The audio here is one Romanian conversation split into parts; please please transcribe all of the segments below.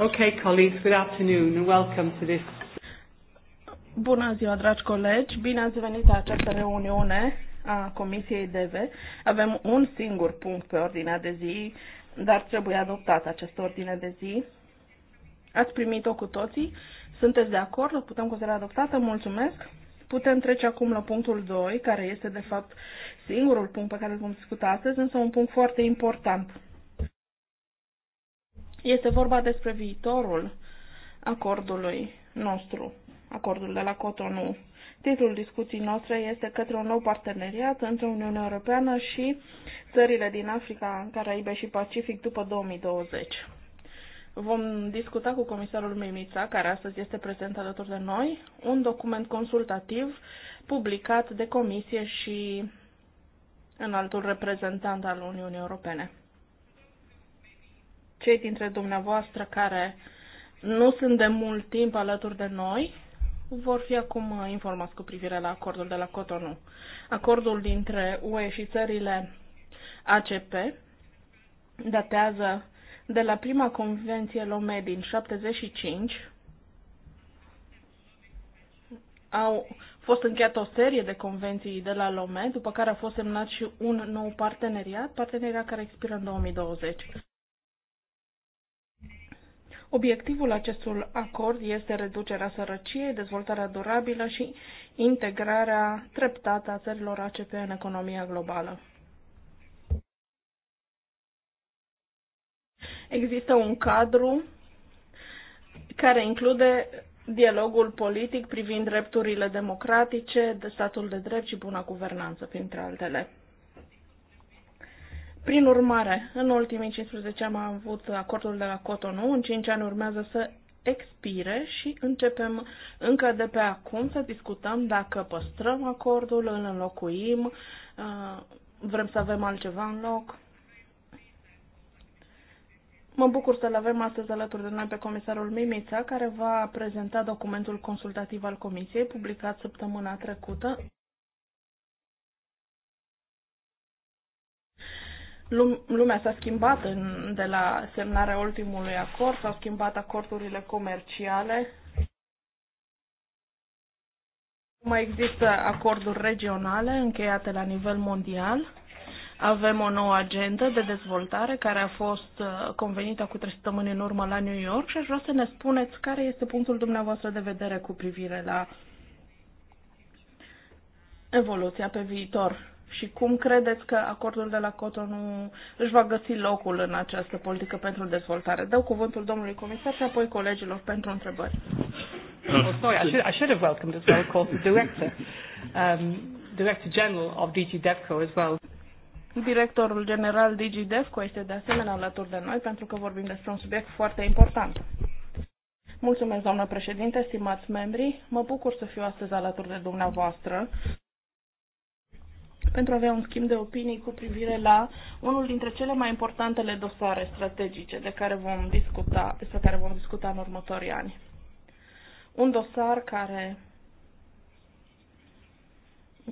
Okay, colleagues, good afternoon and welcome to this. Bună ziua, dragi colegi! Bine ați venit la această reuniune a Comisiei DV. Avem un singur punct pe ordinea de zi, dar trebuie adoptat această ordine de zi. Ați primit-o cu toții? Sunteți de acord? O putem considera adoptată? Mulțumesc! Putem trece acum la punctul 2, care este de fapt singurul punct pe care îl vom discuta astăzi, însă un punct foarte important este vorba despre viitorul acordului nostru, acordul de la Cotonou. Titlul discuției noastre este către un nou parteneriat între Uniunea Europeană și țările din Africa, Caraibe și Pacific după 2020. Vom discuta cu comisarul Mimița, care astăzi este prezent alături de noi, un document consultativ publicat de comisie și în altul reprezentant al Uniunii Europene cei dintre dumneavoastră care nu sunt de mult timp alături de noi vor fi acum informați cu privire la acordul de la Cotonou. Acordul dintre UE și țările ACP datează de la prima convenție Lome din 75. Au fost încheiate o serie de convenții de la Lome, după care a fost semnat și un nou parteneriat, parteneriat care expiră în 2020. Obiectivul acestui acord este reducerea sărăciei, dezvoltarea durabilă și integrarea treptată a țărilor ACP în economia globală. Există un cadru care include dialogul politic privind drepturile democratice, de statul de drept și buna guvernanță, printre altele. Prin urmare, în ultimii 15 ani am avut acordul de la Cotonou, în 5 ani urmează să expire și începem încă de pe acum să discutăm dacă păstrăm acordul, îl înlocuim, uh, vrem să avem altceva în loc. Mă bucur să-l avem astăzi alături de noi pe comisarul Mimița, care va prezenta documentul consultativ al Comisiei, publicat săptămâna trecută lumea s-a schimbat în, de la semnarea ultimului acord, s-au schimbat acordurile comerciale. Nu mai există acorduri regionale încheiate la nivel mondial. Avem o nouă agendă de dezvoltare care a fost uh, convenită cu trei săptămâni în urmă la New York și aș vrea să ne spuneți care este punctul dumneavoastră de vedere cu privire la evoluția pe viitor și cum credeți că acordul de la Cotonou își va găsi locul în această politică pentru dezvoltare? Dau cuvântul domnului comisar și apoi colegilor pentru întrebări. Oh, sorry, I should, I should have welcomed as well, of course, the director, um, director general of DG DevCo as well. Directorul general DG DevCo este de asemenea alături de noi pentru că vorbim despre un subiect foarte important. Mulțumesc, doamnă președinte, stimați membri. Mă bucur să fiu astăzi alături de dumneavoastră pentru a avea un schimb de opinii cu privire la unul dintre cele mai importantele dosare strategice de care vom discuta, despre care vom discuta în următorii ani. Un dosar care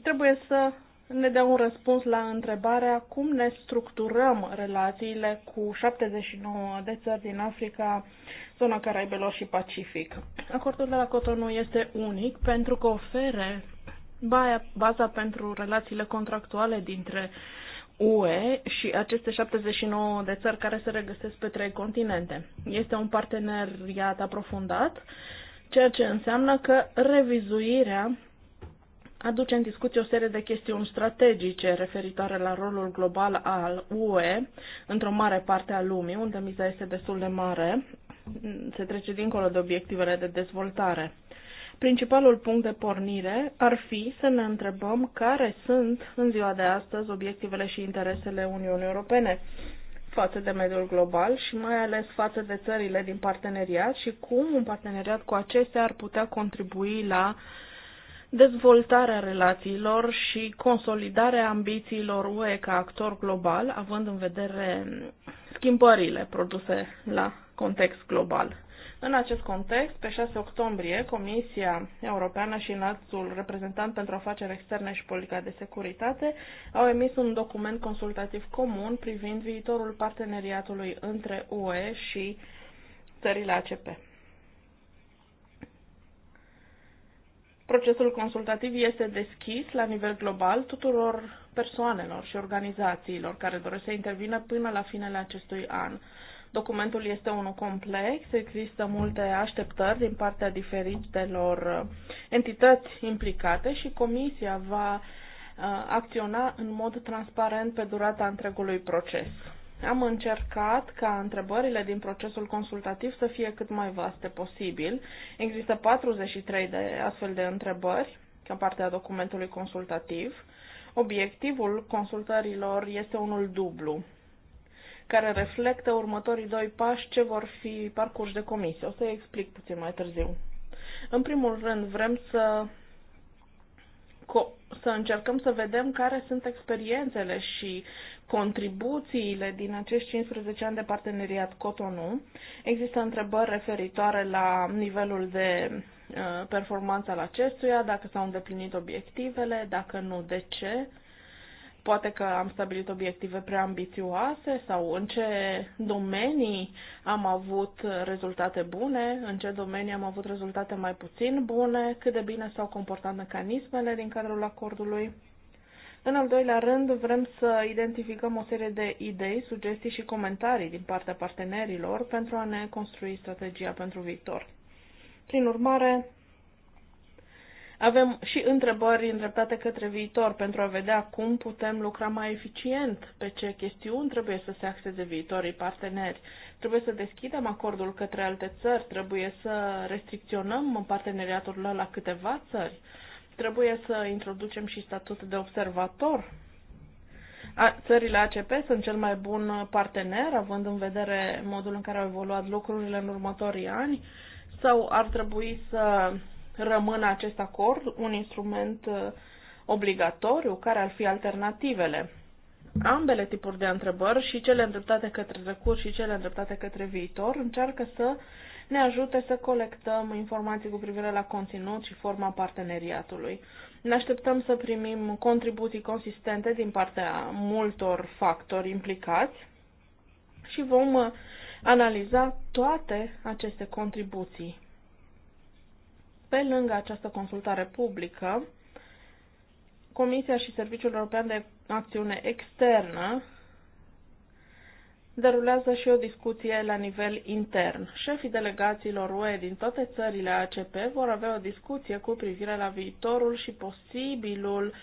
trebuie să ne dea un răspuns la întrebarea cum ne structurăm relațiile cu 79 de țări din Africa, zona Caraibelor și Pacific. Acordul de la Cotonou este unic pentru că ofere baza pentru relațiile contractuale dintre UE și aceste 79 de țări care se regăsesc pe trei continente. Este un parteneriat aprofundat, ceea ce înseamnă că revizuirea aduce în discuție o serie de chestiuni strategice referitoare la rolul global al UE într-o mare parte a lumii, unde miza este destul de mare, se trece dincolo de obiectivele de dezvoltare. Principalul punct de pornire ar fi să ne întrebăm care sunt, în ziua de astăzi, obiectivele și interesele Uniunii Europene față de mediul global și mai ales față de țările din parteneriat și cum un parteneriat cu acestea ar putea contribui la dezvoltarea relațiilor și consolidarea ambițiilor UE ca actor global, având în vedere schimbările produse la context global. În acest context, pe 6 octombrie, Comisia Europeană și înaltul reprezentant pentru afaceri externe și politica de securitate au emis un document consultativ comun privind viitorul parteneriatului între UE și țările ACP. Procesul consultativ este deschis la nivel global tuturor persoanelor și organizațiilor care doresc să intervină până la finele acestui an. Documentul este unul complex, există multe așteptări din partea diferitelor uh, entități implicate și Comisia va uh, acționa în mod transparent pe durata întregului proces. Am încercat ca întrebările din procesul consultativ să fie cât mai vaste posibil. Există 43 de astfel de întrebări ca parte a documentului consultativ. Obiectivul consultărilor este unul dublu care reflectă următorii doi pași ce vor fi parcurs de comisie. O să-i explic puțin mai târziu. În primul rând, vrem să, să încercăm să vedem care sunt experiențele și contribuțiile din acești 15 ani de parteneriat Cotonou. Există întrebări referitoare la nivelul de uh, performanța al acestuia, dacă s-au îndeplinit obiectivele, dacă nu, de ce Poate că am stabilit obiective prea ambițioase sau în ce domenii am avut rezultate bune, în ce domenii am avut rezultate mai puțin bune, cât de bine s-au comportat mecanismele din cadrul acordului. În al doilea rând, vrem să identificăm o serie de idei, sugestii și comentarii din partea partenerilor pentru a ne construi strategia pentru viitor. Prin urmare, avem și întrebări îndreptate către viitor pentru a vedea cum putem lucra mai eficient, pe ce chestiuni trebuie să se axeze viitorii parteneri. Trebuie să deschidem acordul către alte țări, trebuie să restricționăm parteneriatul la, câteva țări, trebuie să introducem și statutul de observator. A, țările ACP sunt cel mai bun partener, având în vedere modul în care au evoluat lucrurile în următorii ani, sau ar trebui să rămână acest acord un instrument uh, obligatoriu? Care ar fi alternativele? Ambele tipuri de întrebări, și cele îndreptate către trecut și cele îndreptate către viitor, încearcă să ne ajute să colectăm informații cu privire la conținut și forma parteneriatului. Ne așteptăm să primim contribuții consistente din partea multor factori implicați și vom uh, analiza toate aceste contribuții pe lângă această consultare publică, Comisia și Serviciul European de Acțiune Externă derulează și o discuție la nivel intern. Șefii delegațiilor UE din toate țările ACP vor avea o discuție cu privire la viitorul și posibilul,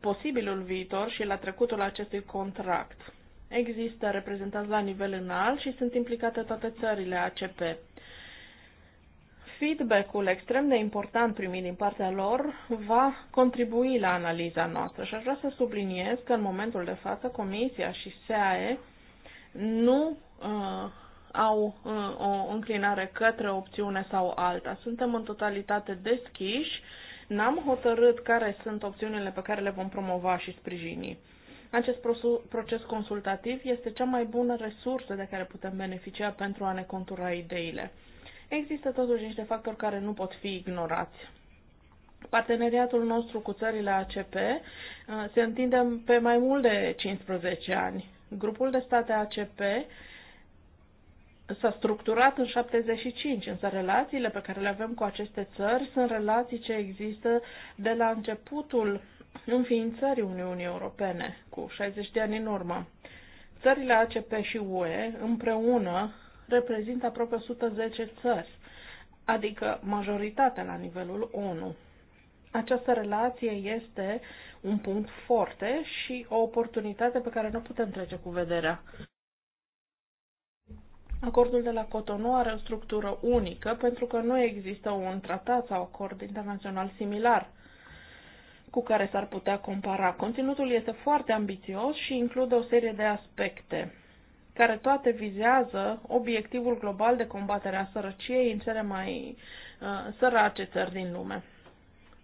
posibilul viitor și la trecutul acestui contract. Există reprezentanți la nivel înalt și sunt implicate toate țările ACP feedback-ul extrem de important primit din partea lor va contribui la analiza noastră și aș vrea să subliniez că în momentul de față Comisia și SAE nu uh, au uh, o înclinare către o opțiune sau alta. Suntem în totalitate deschiși, n-am hotărât care sunt opțiunile pe care le vom promova și sprijini. Acest proces consultativ este cea mai bună resursă de care putem beneficia pentru a ne contura ideile. Există totuși niște factori care nu pot fi ignorați. Parteneriatul nostru cu țările ACP uh, se întinde pe mai mult de 15 ani. Grupul de state ACP s-a structurat în 75, însă relațiile pe care le avem cu aceste țări sunt relații ce există de la începutul înființării Uniunii Europene, cu 60 de ani în urmă. Țările ACP și UE împreună reprezintă aproape 110 țări, adică majoritatea la nivelul ONU. Această relație este un punct foarte și o oportunitate pe care nu putem trece cu vederea. Acordul de la Cotonou are o structură unică pentru că nu există un tratat sau acord internațional similar cu care s-ar putea compara. Conținutul este foarte ambițios și include o serie de aspecte care toate vizează obiectivul global de combatere a sărăciei în cele mai uh, sărace țări din lume.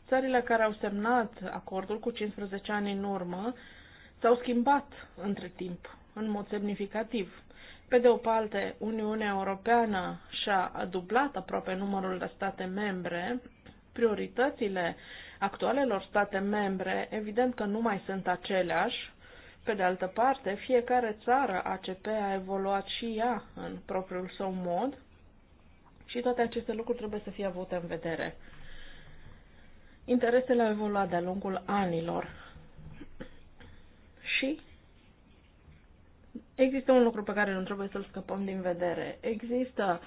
Țările care au semnat acordul cu 15 ani în urmă s-au schimbat între timp, în mod semnificativ. Pe de o parte, Uniunea Europeană și-a dublat aproape numărul de state membre, prioritățile actualelor state membre evident că nu mai sunt aceleași, pe de altă parte, fiecare țară ACP a evoluat și ea în propriul său mod și toate aceste lucruri trebuie să fie avute în vedere. Interesele au evoluat de-a lungul anilor și există un lucru pe care nu trebuie să-l scăpăm din vedere. Există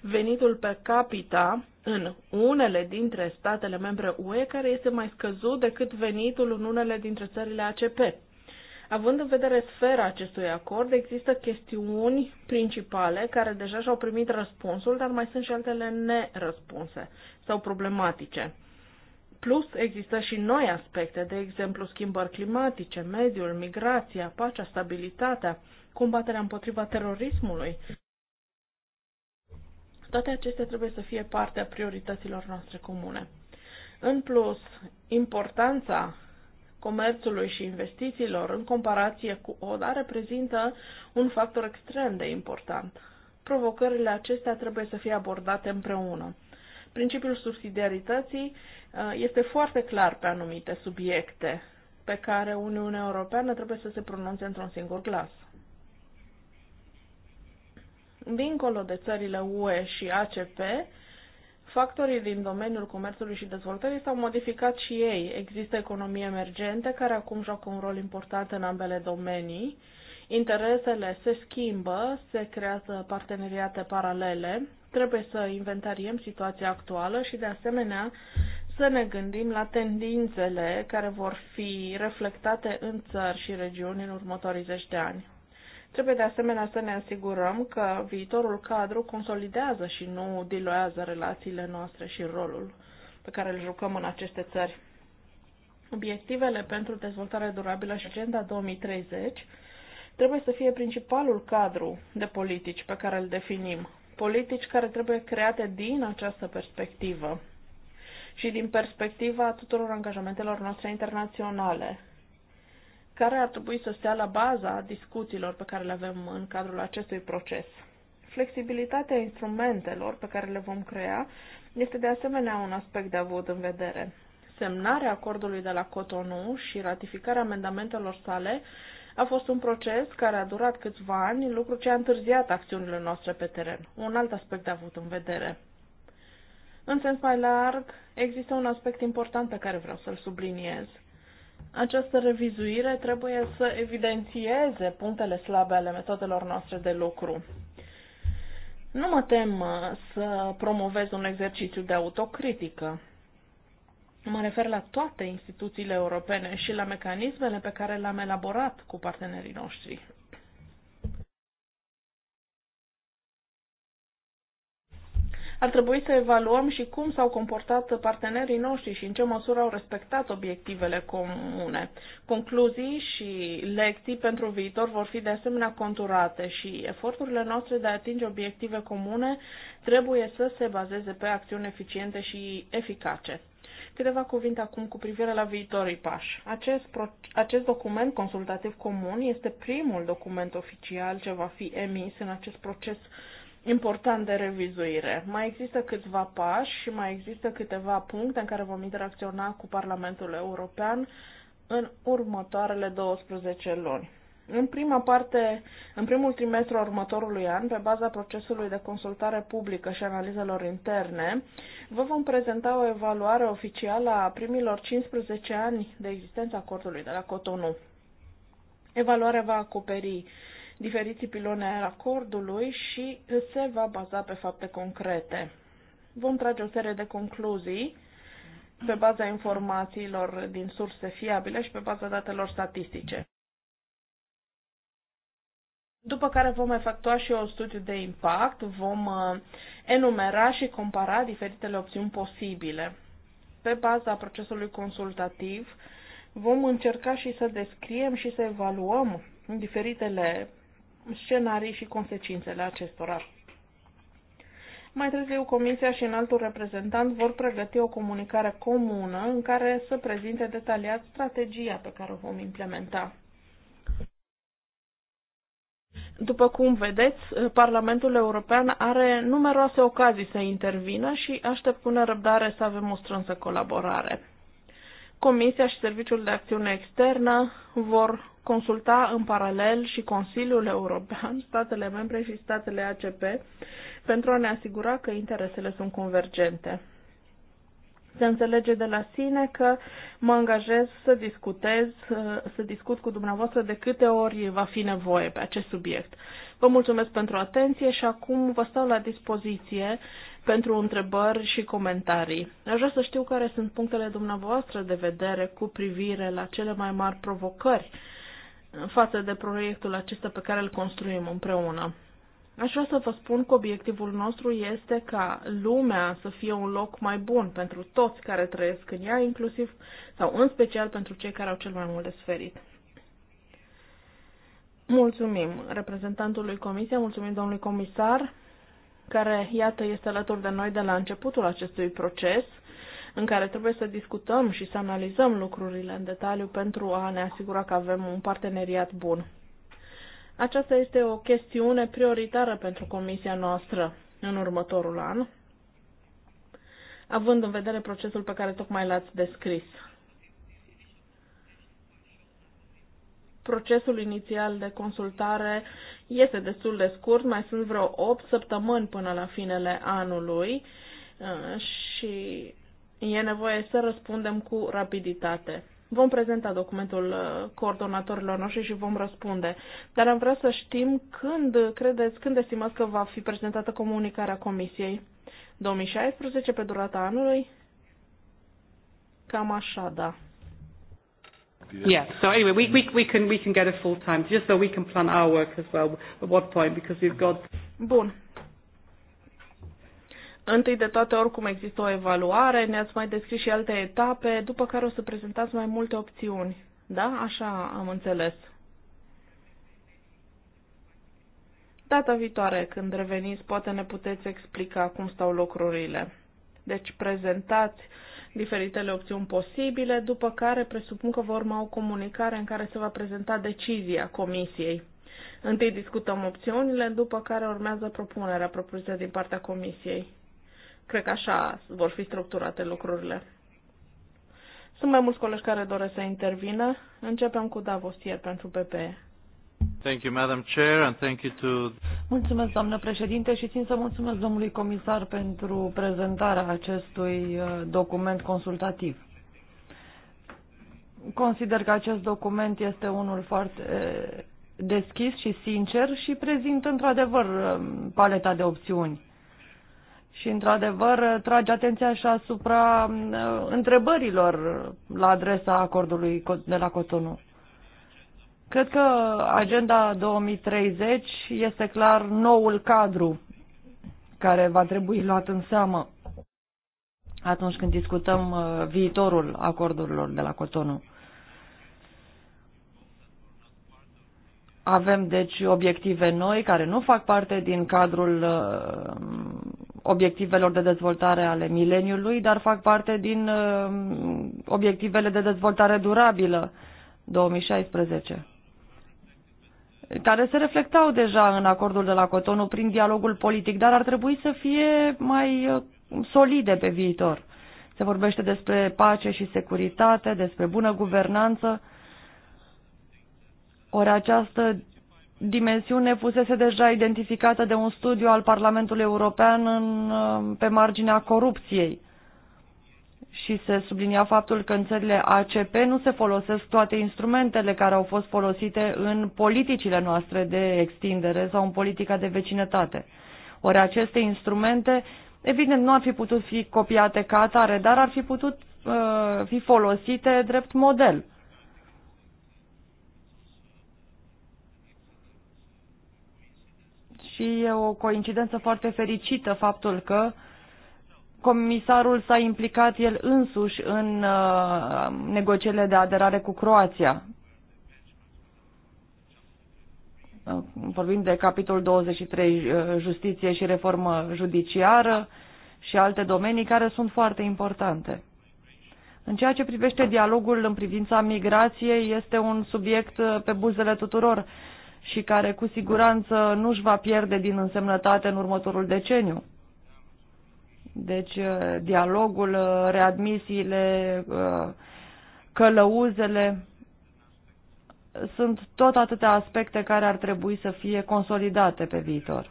venitul pe capita în unele dintre statele membre UE care este mai scăzut decât venitul în unele dintre țările ACP. Având în vedere sfera acestui acord, există chestiuni principale care deja și-au primit răspunsul, dar mai sunt și altele nerăspunse sau problematice. Plus, există și noi aspecte, de exemplu schimbări climatice, mediul, migrația, pacea, stabilitatea, combaterea împotriva terorismului. Toate acestea trebuie să fie parte a priorităților noastre comune. În plus, importanța comerțului și investițiilor în comparație cu ODA reprezintă un factor extrem de important. Provocările acestea trebuie să fie abordate împreună. Principiul subsidiarității uh, este foarte clar pe anumite subiecte pe care Uniunea Europeană trebuie să se pronunțe într-un singur glas. Dincolo de țările UE și ACP, Factorii din domeniul comerțului și dezvoltării s-au modificat și ei. Există economii emergente care acum joacă un rol important în ambele domenii. Interesele se schimbă, se creează parteneriate paralele, trebuie să inventariem situația actuală și, de asemenea, să ne gândim la tendințele care vor fi reflectate în țări și regiuni în următorii zeci de ani. Trebuie de asemenea să ne asigurăm că viitorul cadru consolidează și nu diluează relațiile noastre și rolul pe care îl jucăm în aceste țări. Obiectivele pentru dezvoltare durabilă și Agenda 2030 trebuie să fie principalul cadru de politici pe care îl definim. Politici care trebuie create din această perspectivă și din perspectiva tuturor angajamentelor noastre internaționale, care ar trebui să stea la baza discuțiilor pe care le avem în cadrul acestui proces. Flexibilitatea instrumentelor pe care le vom crea este de asemenea un aspect de avut în vedere. Semnarea acordului de la Cotonou și ratificarea amendamentelor sale a fost un proces care a durat câțiva ani, lucru ce a întârziat acțiunile noastre pe teren. Un alt aspect de avut în vedere. În sens mai larg, există un aspect important pe care vreau să-l subliniez. Această revizuire trebuie să evidențieze punctele slabe ale metodelor noastre de lucru. Nu mă tem uh, să promovez un exercițiu de autocritică. Mă refer la toate instituțiile europene și la mecanismele pe care le-am elaborat cu partenerii noștri. ar trebui să evaluăm și cum s-au comportat partenerii noștri și în ce măsură au respectat obiectivele comune. Concluzii și lecții pentru viitor vor fi de asemenea conturate și eforturile noastre de a atinge obiective comune trebuie să se bazeze pe acțiuni eficiente și eficace. Câteva cuvinte acum cu privire la viitorii pași. Acest, pro, acest document consultativ comun este primul document oficial ce va fi emis în acest proces uh, important de revizuire. Mai există câțiva pași și mai există câteva puncte în care vom interacționa cu Parlamentul European în următoarele 12 luni. În prima parte, în primul trimestru al următorului an, pe baza procesului de consultare publică și analizelor interne, vă vom prezenta o evaluare oficială a primilor 15 ani de existență a acordului de la Cotonou. Evaluarea va acoperi diferiții pilone ai acordului și se va baza pe fapte concrete. Vom trage o serie de concluzii pe baza informațiilor din surse fiabile și pe baza datelor statistice. După care vom efectua și un studiu de impact, vom uh, enumera și compara diferitele opțiuni posibile. Pe baza procesului consultativ, vom încerca și să descriem și să evaluăm diferitele scenarii și consecințele acestora. Mai târziu, Comisia și înaltul reprezentant vor pregăti o comunicare comună în care să prezinte detaliat strategia pe care o vom implementa. După cum vedeți, Parlamentul European are numeroase ocazii să intervină și aștept cu nerăbdare să avem o strânsă colaborare. Comisia și Serviciul de Acțiune Externă vor consulta în paralel și Consiliul European, statele membre și statele ACP pentru a ne asigura că interesele sunt convergente. Se înțelege de la sine că mă angajez să discutez, să discut cu dumneavoastră de câte ori va fi nevoie pe acest subiect. Vă mulțumesc pentru atenție și acum vă stau la dispoziție pentru întrebări și comentarii. Aș vrea să știu care sunt punctele dumneavoastră de vedere cu privire la cele mai mari provocări față de proiectul acesta pe care îl construim împreună. Aș vrea să vă spun că obiectivul nostru este ca lumea să fie un loc mai bun pentru toți care trăiesc în ea, inclusiv sau în special pentru cei care au cel mai mult de sferit. Mulțumim reprezentantului Comisiei, mulțumim domnului comisar care, iată, este alături de noi de la începutul acestui proces, în care trebuie să discutăm și să analizăm lucrurile în detaliu pentru a ne asigura că avem un parteneriat bun. Aceasta este o chestiune prioritară pentru comisia noastră în următorul an, având în vedere procesul pe care tocmai l-ați descris. Procesul inițial de consultare este destul de scurt, mai sunt vreo 8 săptămâni până la finele anului uh, și e nevoie să răspundem cu rapiditate. Vom prezenta documentul uh, coordonatorilor noștri și vom răspunde. Dar am vrea să știm când credeți, când estimați că va fi prezentată comunicarea Comisiei. 2016 pe durata anului? Cam așa, da. Yeah. So anyway, we, we, we can we can get a full time just so we can plan our work as well at what point because we've got. Bun. Întâi de toate, oricum există o evaluare, ne-ați mai descris și alte etape, după care o să prezentați mai multe opțiuni. Da? Așa am înțeles. Data viitoare, când reveniți, poate ne puteți explica cum stau lucrurile. Deci prezentați uh, diferitele opțiuni posibile, după care presupun că vor urma o comunicare în care se va prezenta decizia Comisiei. Întâi discutăm opțiunile, după care urmează propunerea propusă din partea Comisiei. Cred că așa vor fi structurate lucrurile. Sunt mai mulți colegi care doresc să intervină. Începem cu Davosier pentru PPE. Mulțumesc, doamnă președinte, și țin să mulțumesc domnului comisar pentru prezentarea acestui uh, document consultativ. Consider că acest document este unul foarte uh, deschis și sincer și prezintă într-adevăr uh, paleta de opțiuni. Și într-adevăr trage atenția și asupra întrebărilor la adresa acordului de la Cotonou. Cred că agenda 2030 este clar noul cadru care va trebui luat în seamă atunci când discutăm uh, viitorul acordurilor de la Cotonou. Avem, deci, obiective noi care nu fac parte din cadrul uh, obiectivelor de dezvoltare ale mileniului, dar fac parte din uh, obiectivele de dezvoltare durabilă 2016 care se reflectau deja în acordul de la Cotonou prin dialogul politic, dar ar trebui să fie mai uh, solide pe viitor. Se vorbește despre pace și securitate, despre bună guvernanță. Ori această dimensiune fusese deja identificată de un studiu al Parlamentului European în, uh, pe marginea corupției și se sublinia faptul că în țările ACP nu se folosesc toate instrumentele care au fost folosite în politicile noastre de extindere sau în politica de vecinătate. Ori aceste instrumente, evident, nu ar fi putut fi copiate ca atare, dar ar fi putut uh, fi folosite drept model. Și e o coincidență foarte fericită faptul că uh, comisarul s-a implicat el însuși în uh, negocierile de aderare cu Croația. Uh, vorbim de capitolul 23, uh, justiție și reformă judiciară și alte domenii care sunt foarte importante. În ceea ce privește dialogul în privința migrației, este un subiect uh, pe buzele tuturor și care cu siguranță nu își va pierde din însemnătate în următorul deceniu. Deci uh, dialogul, uh, readmisiile, uh, călăuzele sunt tot atâtea aspecte care ar trebui să fie consolidate pe viitor.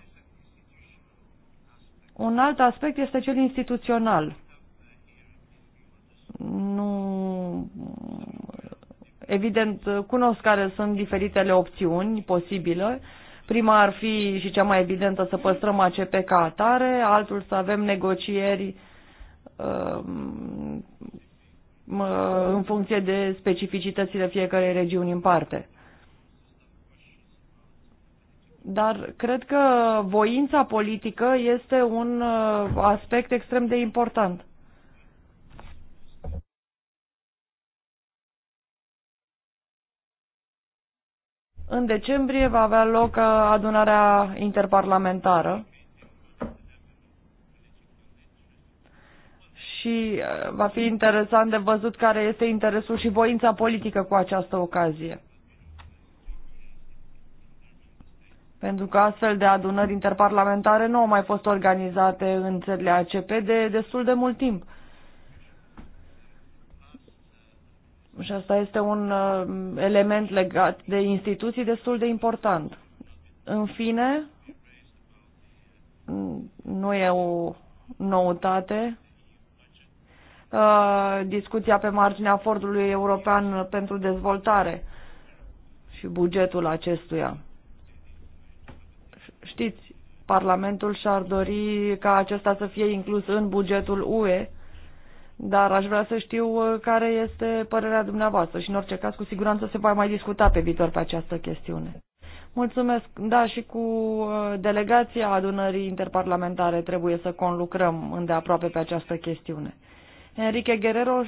Un alt aspect este cel instituțional. Nu, evident, cunosc care sunt diferitele opțiuni posibile, Prima ar fi și cea mai evidentă să păstrăm ACP ca atare, altul să avem negocieri um, în funcție de specificitățile fiecarei regiuni în parte. Dar cred că voința politică este un uh, aspect extrem de important. În decembrie va avea loc uh, adunarea interparlamentară și uh, va fi interesant de văzut care este interesul și voința politică cu această ocazie. Pentru că astfel de adunări interparlamentare nu au mai fost organizate în țările ACP de destul de mult timp. Și asta este un uh, element legat de instituții destul de important. În fine, nu e o noutate. Uh, discuția pe marginea Fordului European pentru dezvoltare și bugetul acestuia. Știți, Parlamentul și-ar dori ca acesta să fie inclus în bugetul UE dar aș vrea să știu uh, care este părerea dumneavoastră și în orice caz cu siguranță se va mai discuta pe viitor pe această chestiune. Mulțumesc. Da, și cu uh, delegația adunării interparlamentare trebuie să conlucrăm îndeaproape pe această chestiune. Enrique Guerrero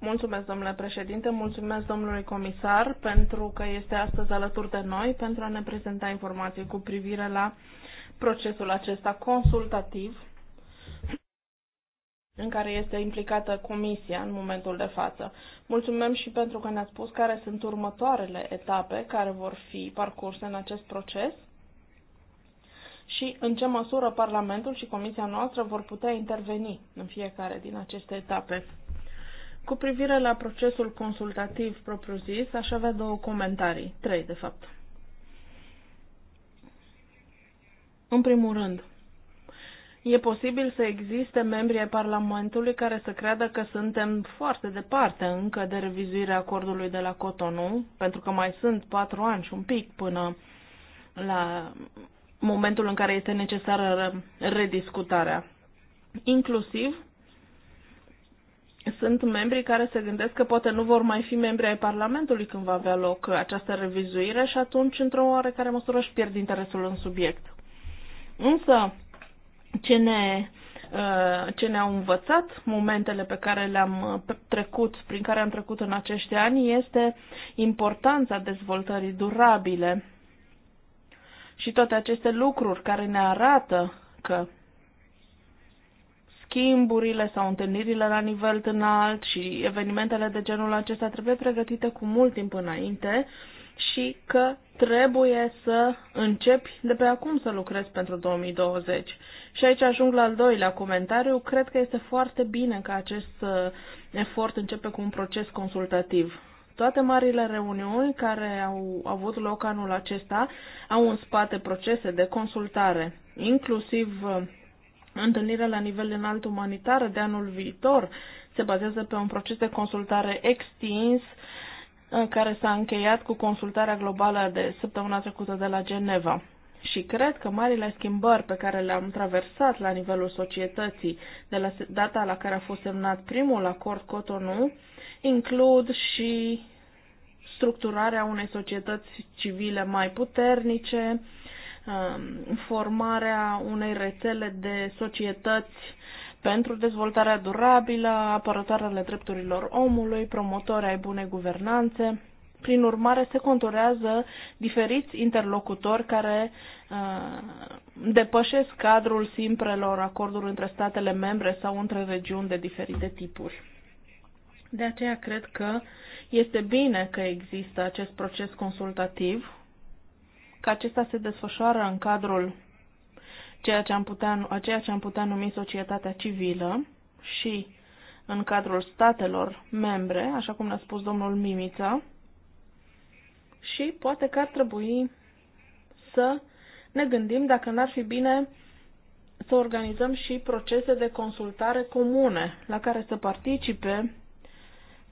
Mulțumesc, domnule președinte, mulțumesc domnului comisar pentru că este astăzi alături de noi pentru a ne prezenta informații cu privire la procesul acesta consultativ în care este implicată comisia în momentul de față. Mulțumim și pentru că ne-ați spus care sunt următoarele etape care vor fi parcurse în acest proces și în ce măsură Parlamentul și Comisia noastră vor putea interveni în fiecare din aceste etape. Cu privire la procesul consultativ propriu-zis, aș avea două comentarii, trei de fapt. În primul rând, e posibil să existe membrii ai Parlamentului care să creadă că suntem foarte departe încă de revizuirea acordului de la Cotonou, pentru că mai sunt patru ani și un pic până la momentul în care este necesară rediscutarea. Inclusiv sunt membri care se gândesc că poate nu vor mai fi membri ai Parlamentului când va avea loc această revizuire și atunci, într-o oarecare măsură, își pierd interesul în subiect. Însă, ce ne, uh, ce ne-au învățat, momentele pe care le-am uh, trecut, prin care am trecut în acești ani, este importanța dezvoltării durabile și toate aceste lucruri care ne arată că schimburile sau întâlnirile la nivel înalt și evenimentele de genul acesta trebuie pregătite cu mult timp înainte și că trebuie să începi de pe acum să lucrezi pentru 2020. Și aici ajung la al doilea comentariu. Cred că este foarte bine că acest uh, efort începe cu un proces consultativ. Toate marile reuniuni care au avut loc anul acesta au în spate procese de consultare, inclusiv uh, Întâlnirea la nivel înalt umanitar de anul viitor se bazează pe un proces de consultare extins care s-a încheiat cu consultarea globală de săptămâna trecută de la Geneva. Și cred că marile schimbări pe care le-am traversat la nivelul societății de la data la care a fost semnat primul acord Cotonou includ și structurarea unei societăți civile mai puternice, Um, formarea unei rețele de societăți pentru dezvoltarea durabilă, apărătoarele drepturilor omului, promotoarea ai bunei guvernanțe. Prin urmare, se conturează diferiți interlocutori care uh, depășesc cadrul simplelor acorduri între statele membre sau între regiuni de diferite tipuri. De aceea cred că este bine că există acest proces consultativ că acesta se desfășoară în cadrul ceea ce am putea, a ceea ce am putea numi societatea civilă și în cadrul statelor membre, așa cum ne-a spus domnul Mimița, și poate că ar trebui să ne gândim dacă n-ar fi bine să organizăm și procese de consultare comune la care să participe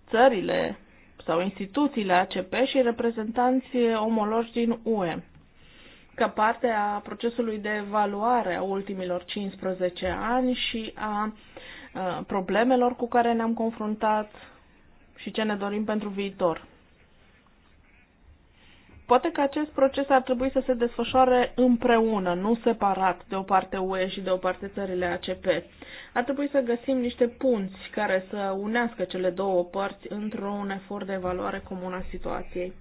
țările sau instituțiile ACP și reprezentanții omologi din UE ca parte a procesului de evaluare a ultimilor 15 ani și a problemelor cu care ne-am confruntat și ce ne dorim pentru viitor. Poate că acest proces ar trebui să se desfășoare împreună, nu separat, de o parte UE și de o parte țările ACP. Ar trebui să găsim niște punți care să unească cele două părți într-un efort de evaluare comună a situației.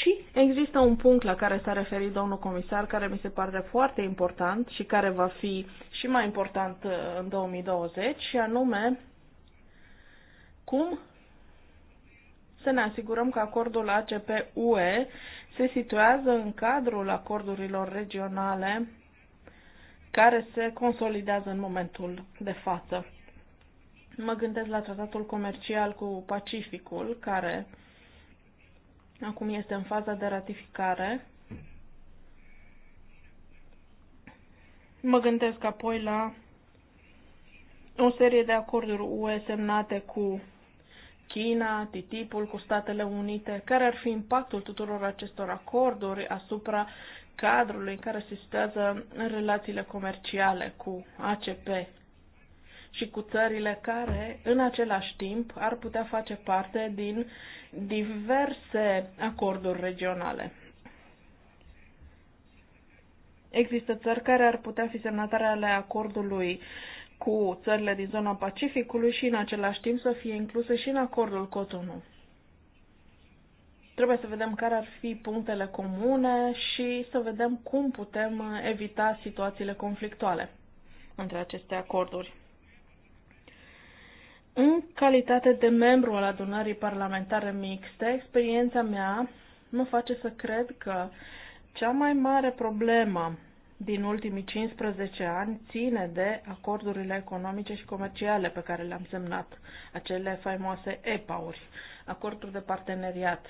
Și există un punct la care s-a referit domnul comisar, care mi se pare foarte important și care va fi și mai important uh, în 2020, și anume cum să ne asigurăm că acordul ACP-UE se situează în cadrul acordurilor regionale care se consolidează în momentul de față. Mă gândesc la tratatul comercial cu Pacificul, care Acum este în faza de ratificare. Mă gândesc apoi la o serie de acorduri UE semnate cu China, TTIP-ul cu Statele Unite, care ar fi impactul tuturor acestor acorduri asupra cadrului în care se situează relațiile comerciale cu ACP și cu țările care, în același timp, ar putea face parte din diverse acorduri regionale. Există țări care ar putea fi semnatare ale acordului cu țările din zona Pacificului și în același timp să fie incluse și în acordul Cotonou. Trebuie să vedem care ar fi punctele comune și să vedem cum putem evita situațiile conflictuale între aceste acorduri. În calitate de membru al adunării parlamentare mixte, experiența mea mă face să cred că cea mai mare problemă din ultimii 15 ani ține de acordurile economice și comerciale pe care le-am semnat, acele faimoase EPA-uri, acorduri de parteneriat.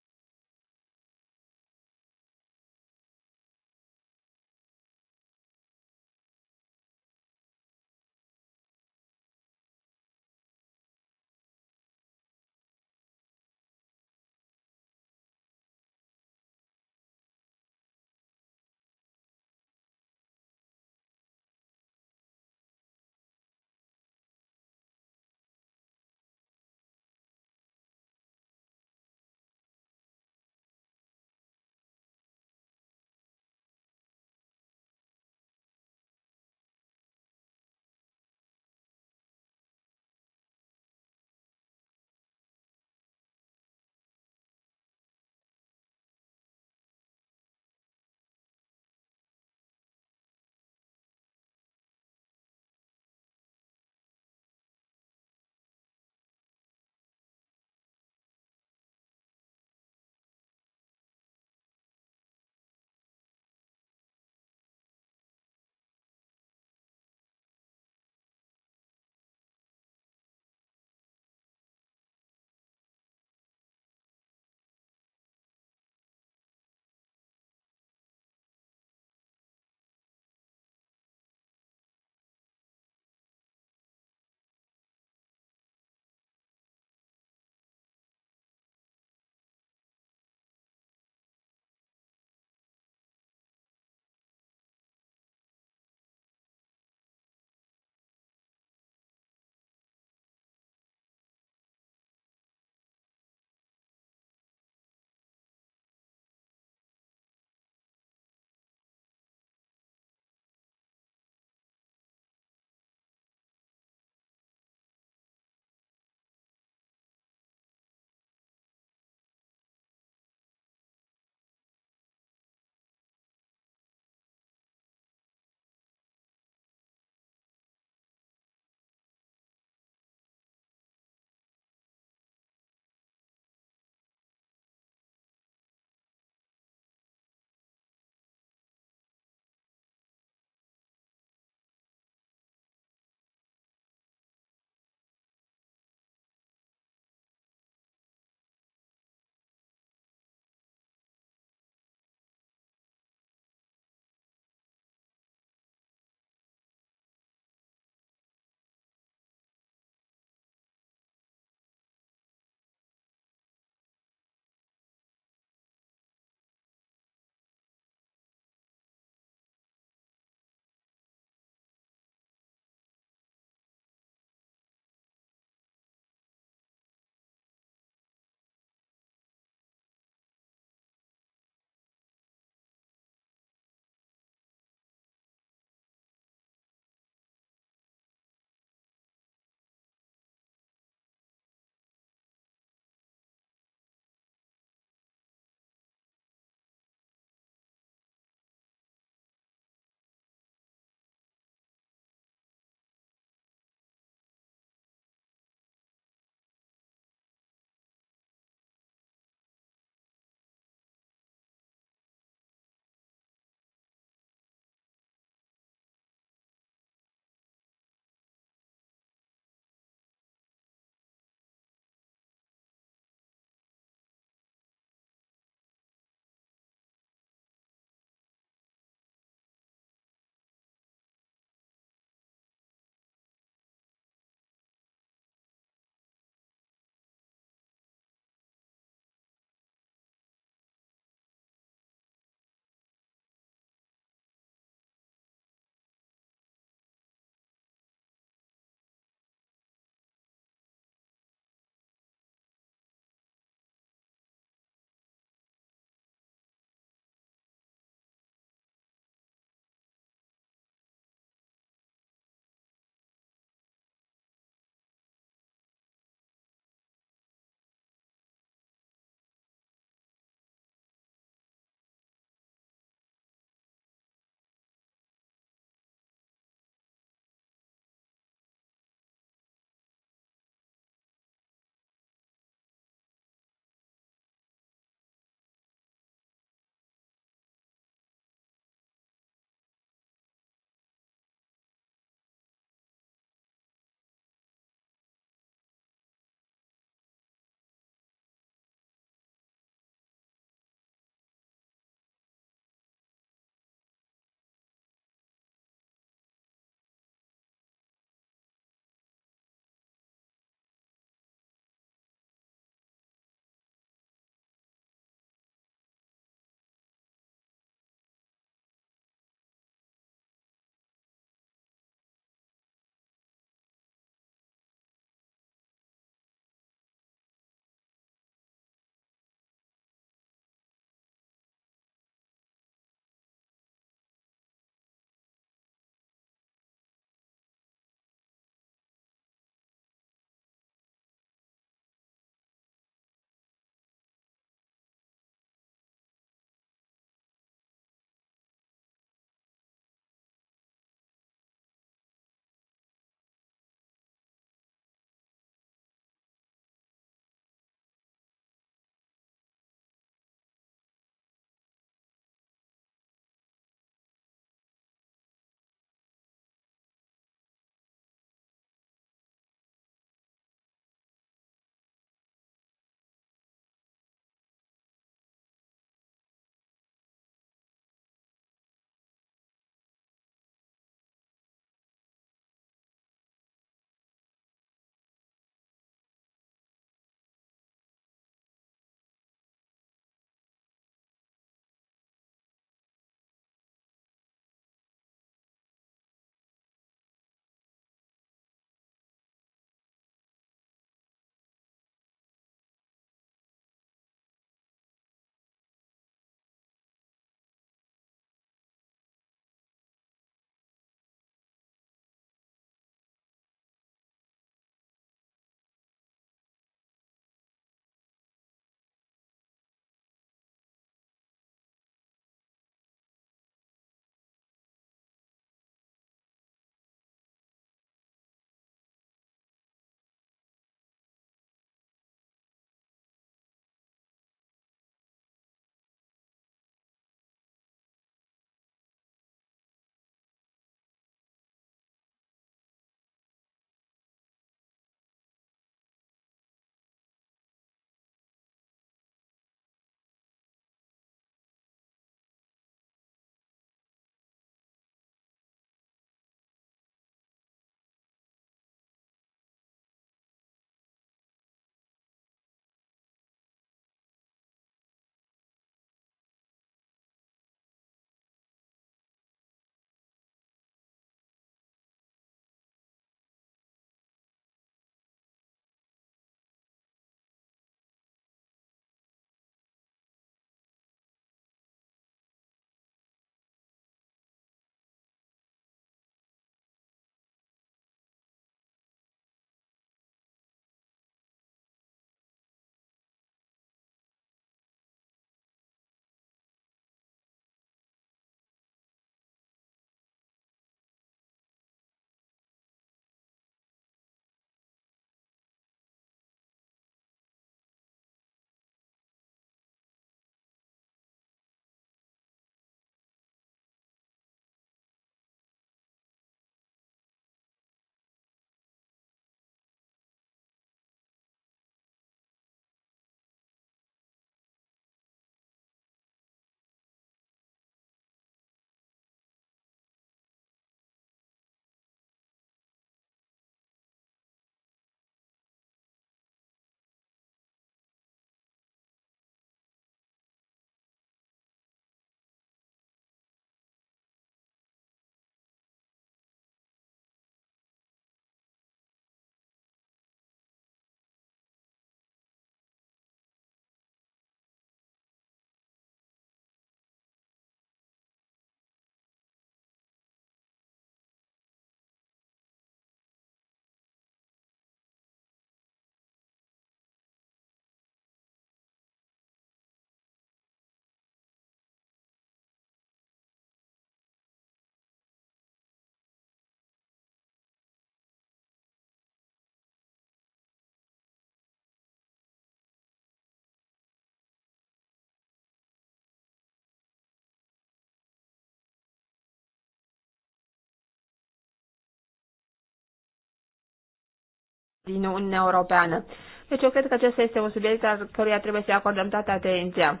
din Uniunea Europeană. Deci eu cred că acesta este un subiect al căruia trebuie să acordăm toată atenția.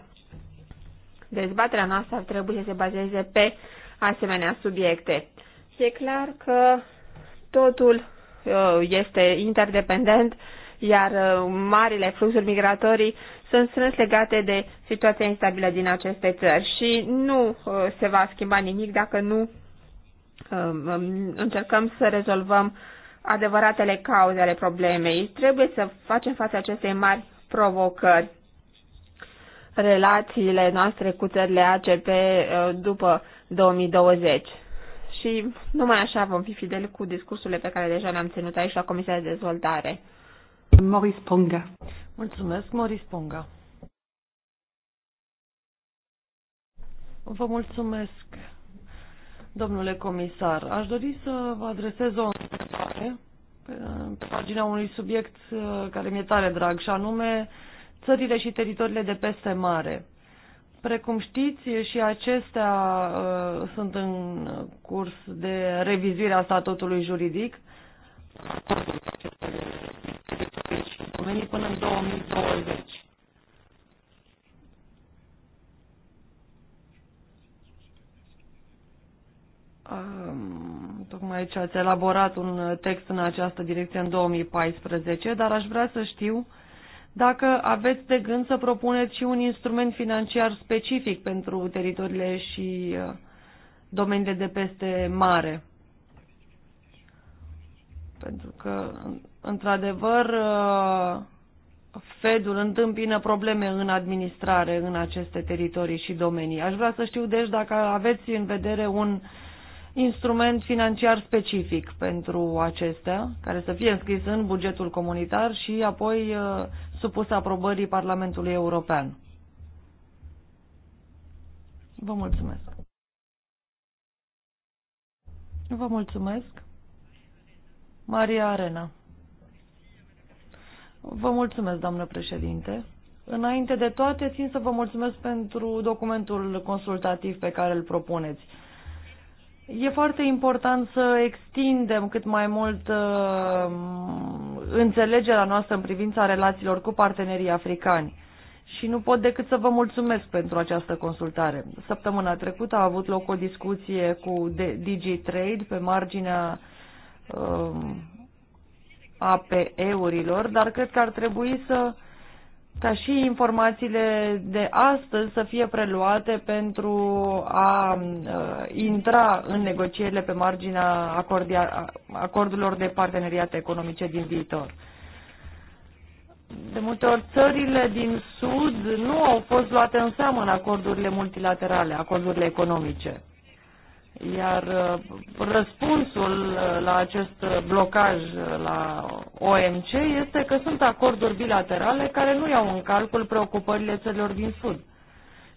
Dezbaterea noastră ar trebui să se bazeze pe asemenea subiecte. E clar că totul uh, este interdependent, iar uh, marile fluxuri migratorii sunt strâns legate de situația instabilă din aceste țări și nu uh, se va schimba nimic dacă nu um, încercăm să rezolvăm adevăratele cauze ale problemei. Trebuie să facem față acestei mari provocări. Relațiile noastre cu țările ACP eh, după 2020. Și numai așa vom fi fideli cu discursurile pe care deja le-am ținut aici la Comisia de Dezvoltare. Moris Ponga. Mulțumesc, Moris Ponga. Vă mulțumesc. Domnule comisar, aș dori să vă adresez o întrebare pe pagina unui subiect uh, care mi-e tare drag, și anume țările și teritoriile de peste mare. Precum știți, și acestea uh, sunt în curs de revizuire a statutului juridic. Acordul acestor domenii până în 2020. tocmai aici ați elaborat un text în această direcție în 2014, dar aș vrea să știu dacă aveți de gând să propuneți și un instrument financiar specific pentru teritoriile și uh, domeniile de peste mare. Pentru că, într-adevăr, uh, Fedul întâmpină probleme în administrare în aceste teritorii și domenii. Aș vrea să știu, deci, dacă aveți în vedere un uh, instrument financiar specific pentru acestea, care să fie înscris în bugetul comunitar și apoi uh, supus aprobării Parlamentului European. Vă mulțumesc. Vă mulțumesc. Maria Arena. Vă mulțumesc, doamnă președinte. Înainte de toate, țin să vă mulțumesc pentru documentul consultativ pe care îl propuneți. E foarte important să extindem cât mai mult uh, înțelegerea noastră în privința relațiilor cu partenerii africani. Și nu pot decât să vă mulțumesc pentru această consultare. Săptămâna trecută a avut loc o discuție cu DigiTrade pe marginea uh, um, APE-urilor, dar cred că ar trebui să ca și informațiile de astăzi să fie preluate pentru a uh, intra în negocierile pe marginea acordurilor de parteneriate economice din viitor. De multe ori, țările din Sud nu au fost luate în seamă în acordurile multilaterale, acordurile economice. Iar uh, răspunsul uh, la acest blocaj uh, la OMC este că sunt acorduri bilaterale care nu iau în calcul preocupările țărilor din Sud.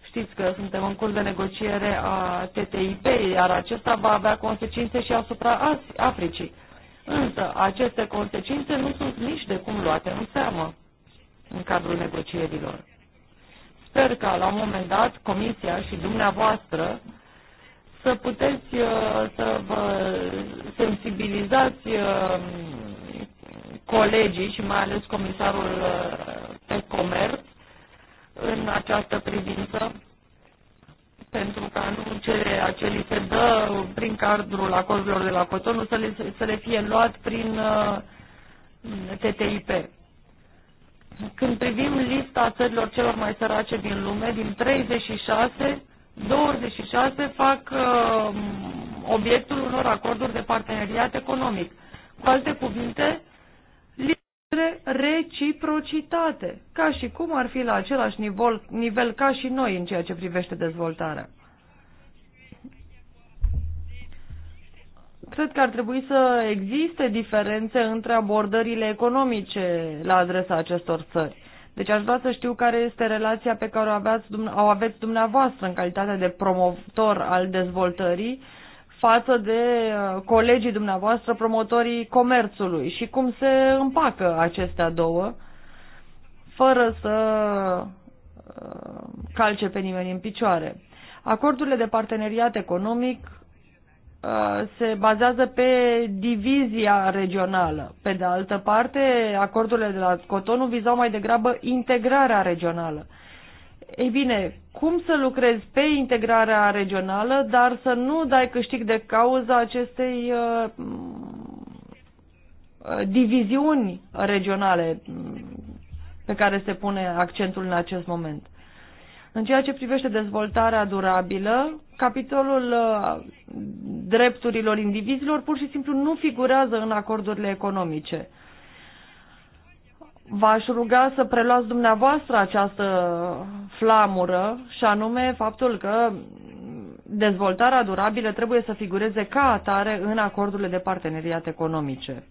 Știți că suntem în curs de negociere a TTIP, iar acesta va avea consecințe și asupra Africii. Însă, aceste consecințe nu sunt nici de cum luate în seamă în cadrul negocierilor. Sper că, la un moment dat, Comisia și dumneavoastră să puteți uh, să vă sensibilizați um, colegii și mai ales comisarul uh, pe comerț în această privință, pentru ca nu cele ce li se dă prin cadrul acordurilor de la Cotonou să le, să le fie luat prin uh, TTIP. Când privim lista țărilor celor mai sărace din lume, din 36, 26 fac uh, obiectul unor acorduri de parteneriat economic. Cu alte cuvinte, lipsește reciprocitate, ca și cum ar fi la același nivel, nivel ca și noi în ceea ce privește dezvoltarea. Cred că ar trebui să existe diferențe între abordările economice la adresa acestor țări deci aș vrea să știu care este relația pe care o aveați, o aveți dumneavoastră în calitate de promotor al dezvoltării față de uh, colegii dumneavoastră, promotorii comerțului și cum se împacă acestea două fără să uh, calce pe nimeni în picioare. Acordurile de parteneriat economic Uh, se bazează pe divizia regională. Pe de altă parte, acordurile de la Cotonou vizau mai degrabă integrarea regională. Ei bine, cum să lucrezi pe integrarea regională, dar să nu dai câștig de cauza acestei uh, uh, diviziuni regionale mm, pe care se pune accentul în acest moment? În ceea ce privește dezvoltarea durabilă, capitolul uh, drepturilor indivizilor pur și simplu nu figurează în acordurile economice. V-aș ruga să preluați dumneavoastră această flamură și anume faptul că dezvoltarea durabilă trebuie să figureze ca atare în acordurile de parteneriat economice.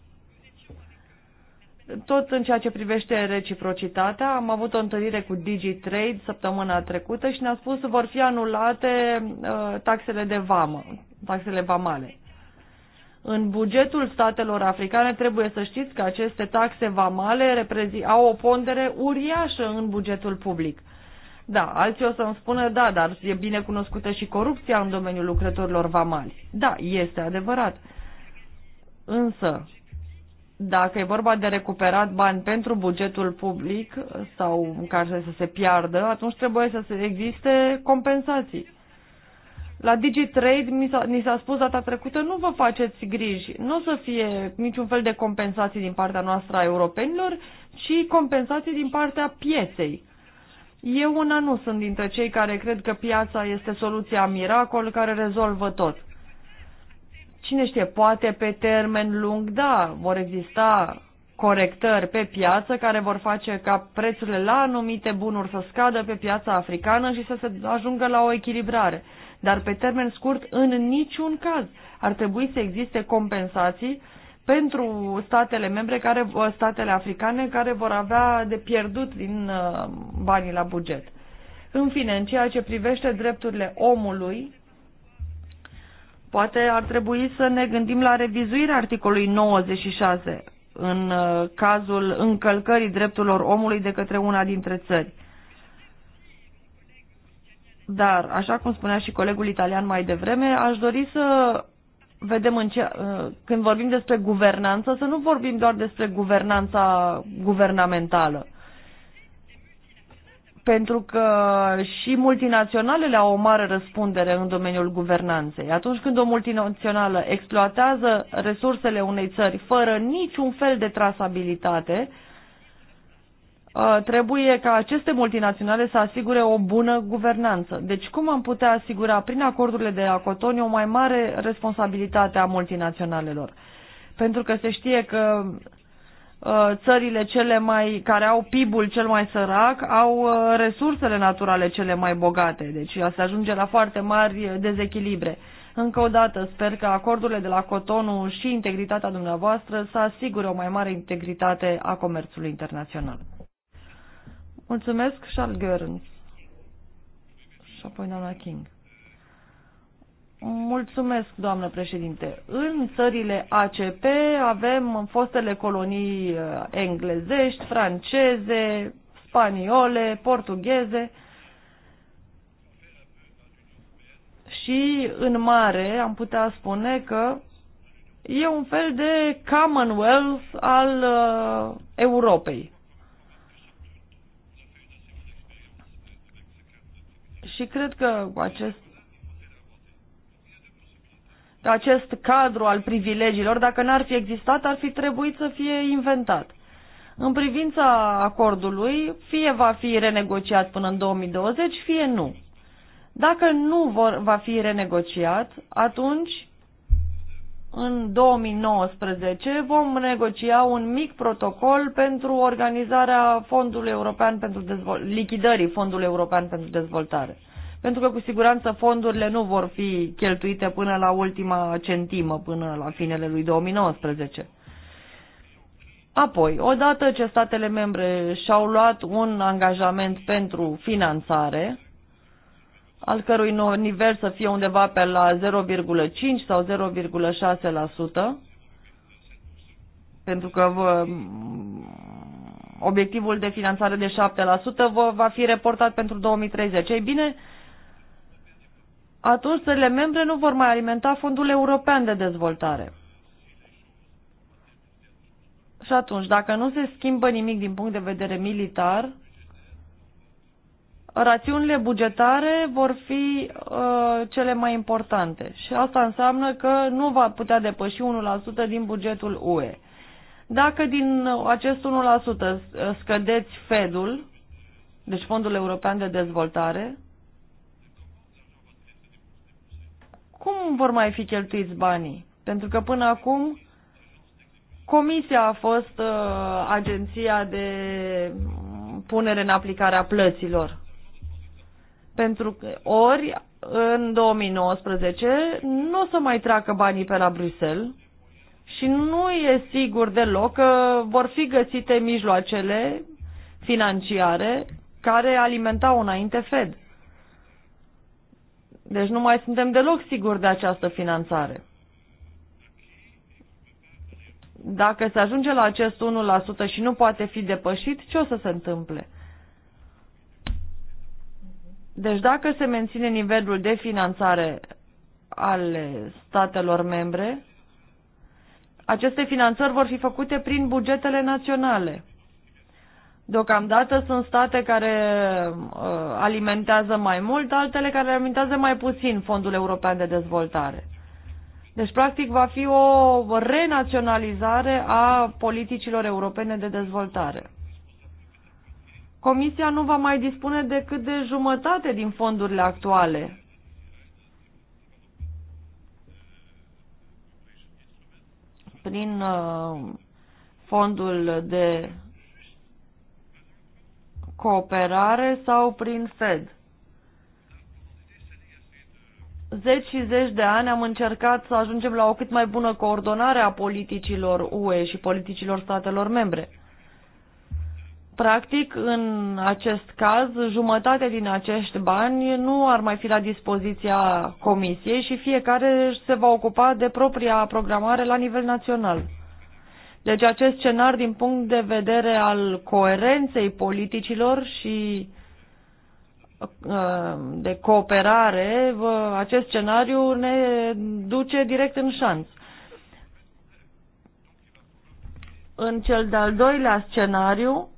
Tot în ceea ce privește reciprocitatea, am avut o întâlnire cu DigiTrade săptămâna trecută și ne-a spus că vor fi anulate uh, taxele de vamă, taxele vamale. În bugetul statelor africane trebuie să știți că aceste taxe vamale au o pondere uriașă în bugetul public. Da, alții o să-mi spună, da, dar e bine cunoscută și corupția în domeniul lucrătorilor vamali. Da, este adevărat. Însă, dacă e vorba de recuperat bani pentru bugetul public sau care să se piardă, atunci trebuie să existe compensații. La DigiTrade mi s-a, ni s-a spus data trecută, nu vă faceți griji, nu o să fie niciun fel de compensații din partea noastră a europenilor, ci compensații din partea pieței. Eu una nu sunt dintre cei care cred că piața este soluția miracol care rezolvă tot. Cine știe, poate pe termen lung, da, vor exista corectări pe piață care vor face ca prețurile la anumite bunuri să scadă pe piața africană și să se ajungă la o echilibrare. Dar pe termen scurt, în niciun caz, ar trebui să existe compensații pentru statele membre, care, ă, statele africane, care vor avea de pierdut din ă, banii la buget. În fine, în ceea ce privește drepturile omului, Poate ar trebui să ne gândim la revizuirea articolului 96 în uh, cazul încălcării drepturilor omului de către una dintre țări. Dar, așa cum spunea și colegul italian mai devreme, aș dori să vedem în ce, uh, când vorbim despre guvernanță, să nu vorbim doar despre guvernanța guvernamentală pentru că și multinaționalele au o mare răspundere în domeniul guvernanței. Atunci când o multinațională exploatează resursele unei țări fără niciun fel de trasabilitate, trebuie ca aceste multinaționale să asigure o bună guvernanță. Deci cum am putea asigura prin acordurile de la Cotonou o mai mare responsabilitate a multinaționalelor? Pentru că se știe că Uh, țările cele mai, care au PIB-ul cel mai sărac au uh, resursele naturale cele mai bogate. Deci se ajunge la foarte mari uh, dezechilibre. Încă o dată, sper că acordurile de la Cotonu și integritatea dumneavoastră să asigure o mai mare integritate a comerțului internațional. Mulțumesc, Charles Görens. Și apoi doamna King. Mulțumesc, doamnă președinte. În țările ACP avem fostele colonii eh, englezești, franceze, spaniole, portugheze și în mare am putea spune că e un fel de Commonwealth al uh, Europei. Și cred că acest acest cadru al privilegiilor, dacă n-ar fi existat, ar fi trebuit să fie inventat. În privința acordului, fie va fi renegociat până în 2020, fie nu. Dacă nu vor, va fi renegociat, atunci în 2019 vom negocia un mic protocol pentru organizarea Fondului European pentru Dezvol- lichidării Fondului European pentru Dezvoltare pentru că cu siguranță fondurile nu vor fi cheltuite până la ultima centimă, până la finele lui 2019. Apoi, odată ce statele membre și-au luat un angajament pentru finanțare, al cărui nivel să fie undeva pe la 0,5 sau 0,6%, pentru că vă, obiectivul de finanțare de 7% vă, va fi reportat pentru 2030. Ei bine, atunci țările membre nu vor mai alimenta fondul european de dezvoltare. Și atunci, dacă nu se schimbă nimic din punct de vedere militar, rațiunile bugetare vor fi uh, cele mai importante. Și asta înseamnă că nu va putea depăși 1% din bugetul UE. Dacă din acest 1% uh, scădeți Fedul, deci Fondul European de Dezvoltare, cum vor mai fi cheltuiți banii? Pentru că până acum comisia a fost uh, agenția de punere în aplicare a plăților. Pentru că ori în 2019 nu o să mai treacă banii pe la Bruxelles și nu e sigur deloc că vor fi găsite mijloacele financiare care alimentau înainte Fed. Deci nu mai suntem deloc siguri de această finanțare. Dacă se ajunge la acest 1% și nu poate fi depășit, ce o să se întâmple? Deci dacă se menține nivelul de finanțare al statelor membre, aceste finanțări vor fi făcute prin bugetele naționale. Deocamdată sunt state care uh, alimentează mai mult, altele care alimentează mai puțin Fondul European de Dezvoltare. Deci, practic, va fi o renaționalizare a politicilor europene de dezvoltare. Comisia nu va mai dispune decât de jumătate din fondurile actuale. Prin uh, fondul de cooperare sau prin Fed. Zeci și zeci de ani am încercat să ajungem la o cât mai bună coordonare a politicilor UE și politicilor statelor membre. Practic, în acest caz, jumătate din acești bani nu ar mai fi la dispoziția Comisiei și fiecare se va ocupa de propria programare la nivel național. Deci acest scenar din punct de vedere al coerenței politicilor și uh, de cooperare, acest scenariu ne duce direct în șanț. În cel de-al doilea scenariu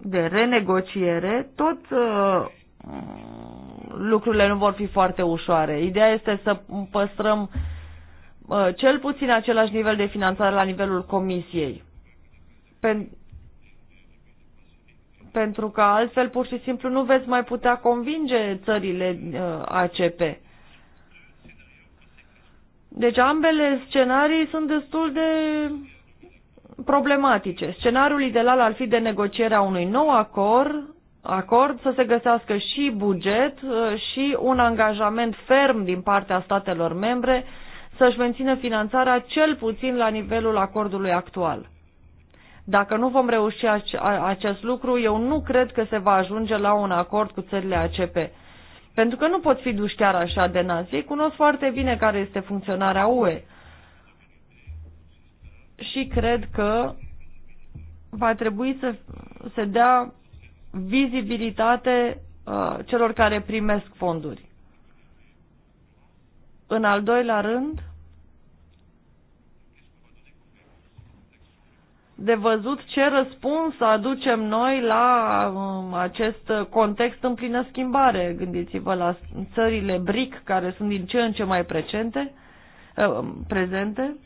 de renegociere, tot uh, lucrurile nu vor fi foarte ușoare. Ideea este să păstrăm uh, Uh, cel puțin același nivel de finanțare la nivelul comisiei. Pen pentru că altfel pur și simplu nu veți mai putea convinge țările uh, ACP. Deci ambele scenarii sunt destul de problematice. Scenariul ideal ar fi de negocierea unui nou acord, acord să se găsească și buget uh, și un angajament ferm din partea statelor membre uh, să-și mențină finanțarea cel puțin la nivelul acordului actual. Dacă nu vom reuși acest lucru, eu nu cred că se va ajunge la un acord cu țările ACP. Pentru că nu pot fi duși chiar așa de nazi. Ei cunosc foarte bine care este funcționarea UE. Și cred că va trebui să se dea vizibilitate uh, celor care primesc fonduri. În al doilea rând, de văzut ce răspuns aducem noi la um, acest context în plină schimbare. Gândiți-vă la țările BRIC, care sunt din ce în ce mai precente, uh, um, prezente.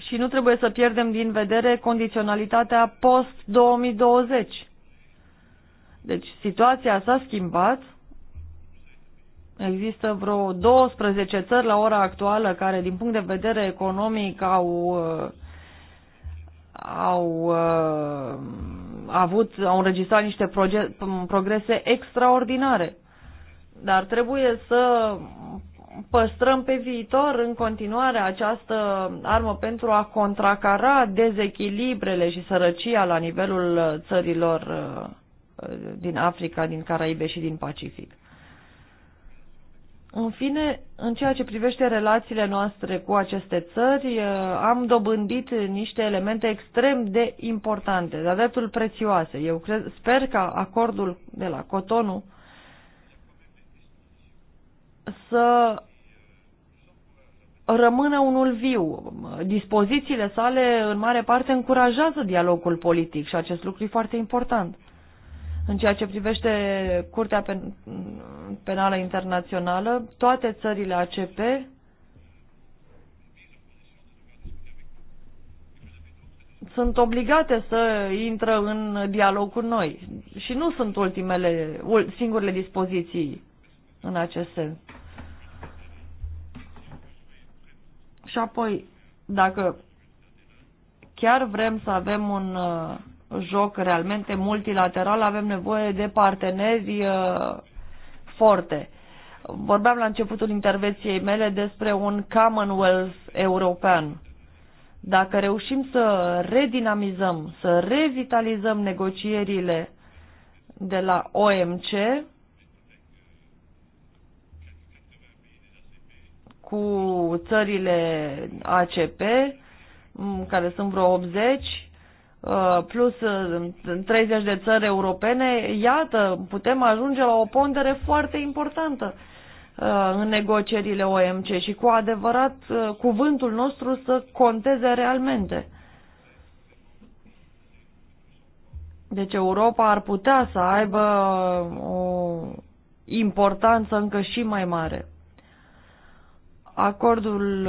Și nu trebuie să pierdem din vedere condiționalitatea post-2020. Deci situația s-a schimbat Există vreo 12 țări la ora actuală care, din punct de vedere economic, au, uh, au uh, avut, au înregistrat niște progrese extraordinare. Dar trebuie să păstrăm pe viitor în continuare această armă pentru a contracara dezechilibrele și sărăcia la nivelul țărilor uh, din Africa, din Caraibe și din Pacific. În fine, în ceea ce privește relațiile noastre cu aceste țări, eh, am dobândit niște elemente extrem de importante, de-a dreptul prețioase. Eu cred, sper ca acordul de la Cotonu să rămână unul viu. Dispozițiile sale, în mare parte, încurajează dialogul politic și acest lucru e foarte important. În ceea ce privește Curtea Penală Internațională, toate țările ACP sunt obligate să intră în dialog cu noi și nu sunt ultimele, singurele dispoziții în acest sens. Și apoi, dacă chiar vrem să avem un uh, joc realmente multilateral avem nevoie de parteneri uh, forte. Vorbeam la începutul intervenției mele despre un Commonwealth european. Dacă reușim să redinamizăm, să revitalizăm negocierile de la OMC cu țările ACP, care sunt vreo 80, Uh, plus 30 uh, de țări europene, iată, putem ajunge la o pondere foarte importantă uh, în negocierile OMC și cu adevărat cuvântul nostru să conteze realmente. Deci Europa ar putea să aibă o importanță încă și mai mare. Acordul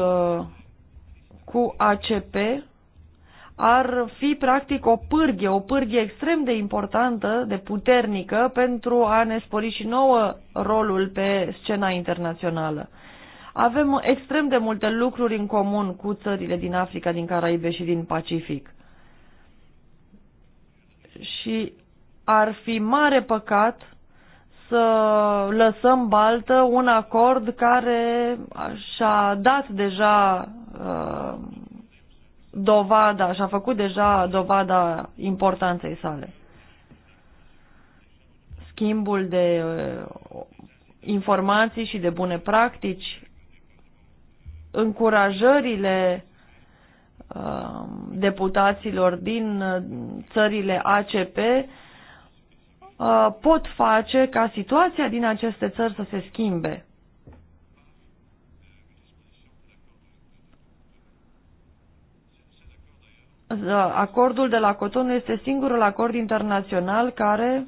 cu ACP ar fi practic o pârghie, o pârghie extrem de importantă, de puternică, pentru a ne spori și nouă rolul pe scena internațională. Avem extrem de multe lucruri în comun cu țările din Africa, din Caraibe și din Pacific. Și ar fi mare păcat să lăsăm baltă un acord care și-a dat deja uh, dovada, și-a făcut deja dovada importanței sale. Schimbul de uh, informații și de bune practici, încurajările uh, deputaților din uh, țările ACP pot face ca situația din aceste țări să se schimbe. acordul de la Cotonou este singurul acord internațional care,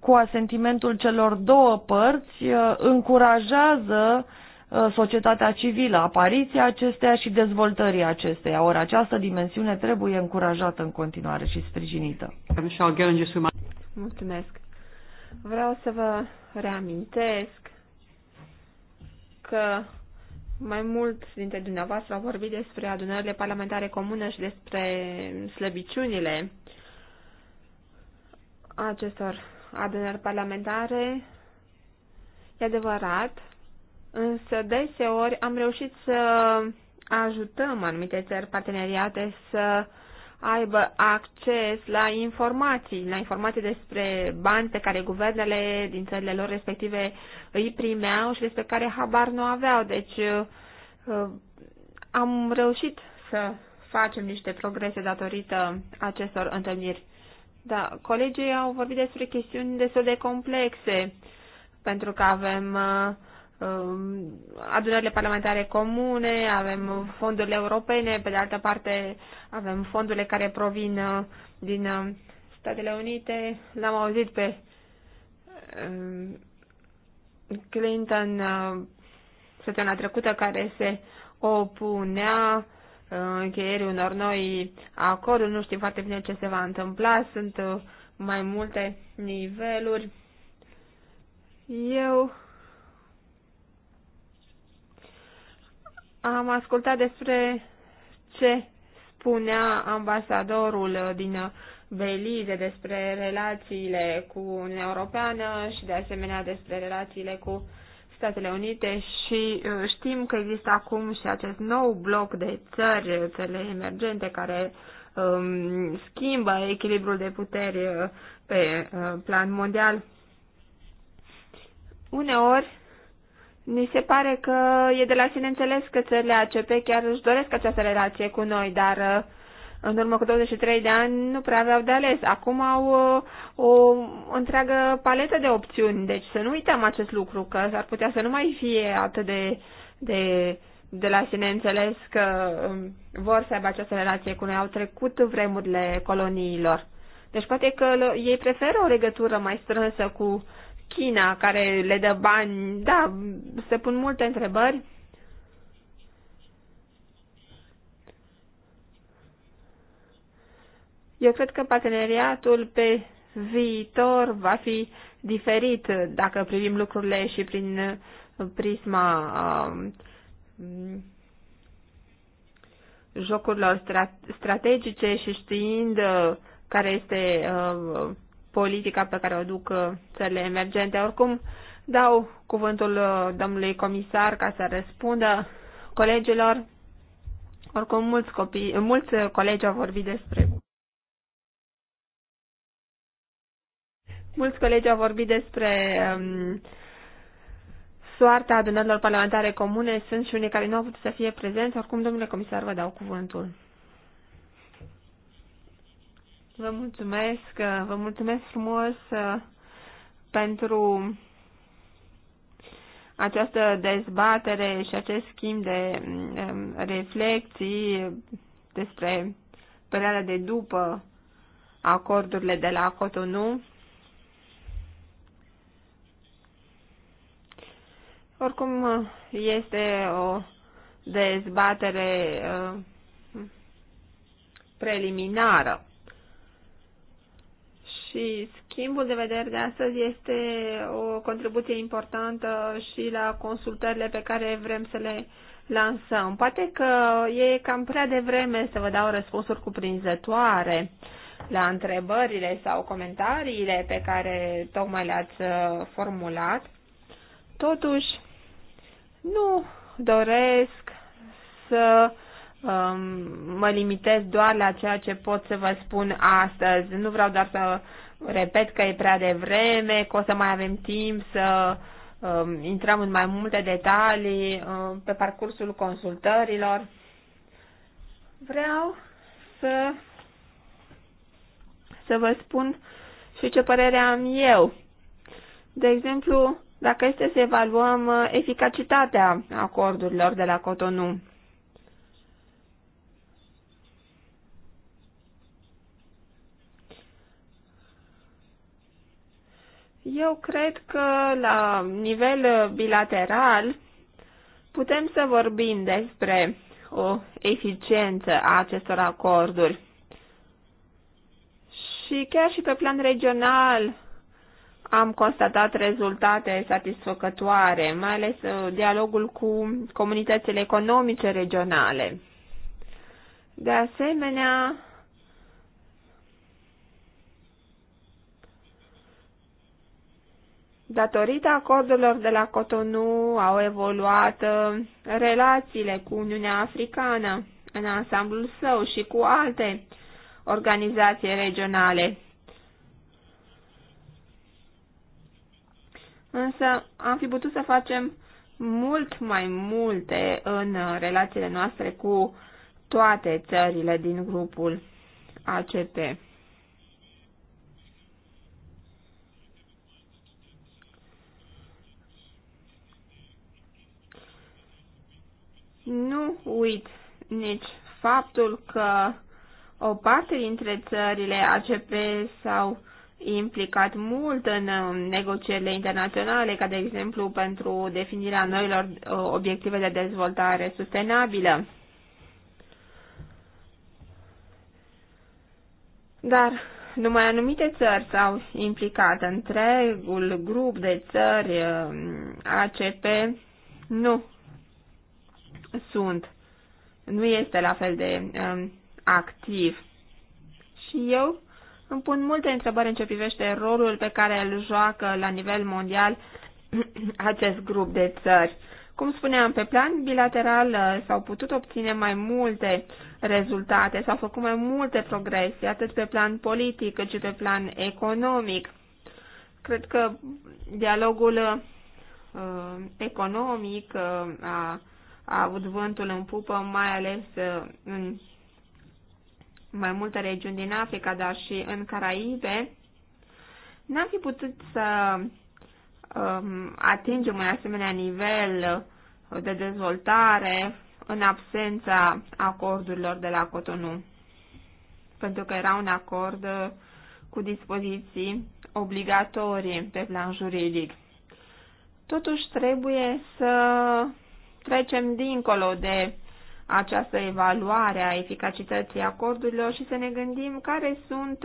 cu asentimentul celor două părți, uh, încurajează uh, societatea civilă, apariția acesteia și dezvoltării acesteia. Ori această dimensiune trebuie încurajată în continuare și sprijinită. Mulțumesc. Vreau să vă reamintesc că mai mulți dintre dumneavoastră au vorbit despre adunările parlamentare comune și despre slăbiciunile acestor adunări parlamentare. E adevărat, însă deseori am reușit să ajutăm anumite țări parteneriate să uh, aibă acces la informații, la informații despre bani pe care guvernele din țările lor respective îi primeau și despre care habar nu aveau. Deci uh, uh, am reușit să facem niște progrese datorită acestor întâlniri. Da, colegii au vorbit despre chestiuni destul de complexe, pentru că avem uh, Um, adunările parlamentare comune, avem fondurile europene, pe de altă parte avem fondurile care provin uh, din uh, Statele Unite. L-am auzit pe um, Clinton uh, săptămâna trecută care se opunea încheierii unor noi acorduri. Nu știm foarte bine ce se va întâmpla. Sunt mai multe niveluri. Eu Am ascultat despre ce spunea ambasadorul din Belize despre relațiile cu Uniunea Europeană și de asemenea despre relațiile cu Statele Unite și uh, știm că există acum și acest nou bloc de țări, țările emergente, care um, schimbă echilibrul de puteri uh, pe uh, plan mondial. Uneori, Ni se pare că e de la sine înțeles că țările ACP chiar își doresc această relație cu noi, dar uh, în urmă cu 23 de ani nu prea aveau de ales. Acum au o, uh, o întreagă paletă de opțiuni, deci să nu uităm acest lucru, că s-ar putea să nu mai fie atât de, de, de la sine înțeles că um, vor să aibă această relație cu noi. Au trecut vremurile coloniilor. Deci poate că ei preferă o legătură mai strânsă cu China care le dă bani. Da, se pun multe întrebări. Eu cred că parteneriatul pe viitor va fi diferit dacă privim lucrurile și prin uh, prisma uh, jocurilor strategice și știind uh, care este uh, politica pe care o duc uh, țările emergente. Oricum, dau cuvântul uh, domnului comisar ca să răspundă colegilor. Oricum, mulți, copii, mulți uh, colegi au vorbit despre Mulți colegi au vorbit despre um, soarta adunărilor parlamentare comune. Sunt și unii care nu au putut să fie prezenți. Oricum, domnule comisar, vă dau cuvântul. Vă mulțumesc, vă mulțumesc frumos uh, pentru această dezbatere și acest schimb de um, reflexii despre perioada de după acordurile de la Cotonou. Oricum, este o dezbatere uh, preliminară și schimbul de vedere de astăzi este o contribuție importantă și la consultările pe care vrem să le lansăm. Poate că e cam prea devreme să vă dau răspunsuri cuprinzătoare la întrebările sau comentariile pe care tocmai le-ați uh, formulat. Totuși, nu doresc să um, mă limitez doar la ceea ce pot să vă spun astăzi. Nu vreau doar să repet că e prea devreme, că o să mai avem timp să uh, intrăm în mai multe detalii uh, pe parcursul consultărilor. Vreau să, să vă spun și ce părere am eu. De exemplu, dacă este să evaluăm uh, eficacitatea acordurilor de la Cotonou, Eu cred că la nivel bilateral putem să vorbim despre o eficiență a acestor acorduri. Și chiar și pe plan regional am constatat rezultate satisfăcătoare, mai ales uh, dialogul cu comunitățile economice regionale. De asemenea, Datorită acordurilor de la Cotonou au evoluat uh, relațiile cu Uniunea Africană în ansamblul său și cu alte organizații regionale. Însă am fi putut să facem mult mai multe în uh, relațiile noastre cu toate țările din grupul ACP. Nu uit nici faptul că o parte dintre țările ACP s-au implicat mult în um, negocierile internaționale, ca de exemplu pentru definirea noilor uh, obiective de dezvoltare sustenabilă. Dar numai anumite țări s-au implicat. Întregul grup de țări um, ACP nu sunt. Nu este la fel de um, activ. Și eu îmi pun multe întrebări în ce privește rolul pe care îl joacă la nivel mondial acest grup de țări. Cum spuneam, pe plan bilateral uh, s-au putut obține mai multe rezultate, s-au făcut mai multe progrese, atât pe plan politic cât și pe plan economic. Cred că dialogul uh, economic uh, a a avut vântul în pupă, mai ales uh, în mai multe regiuni din Africa, dar și în Caraibe, n-am fi putut să um, atingem un asemenea nivel de dezvoltare în absența acordurilor de la Cotonou, pentru că era un acord uh, cu dispoziții obligatorii pe plan juridic. Totuși trebuie să trecem dincolo de această evaluare a eficacității acordurilor și să ne gândim care sunt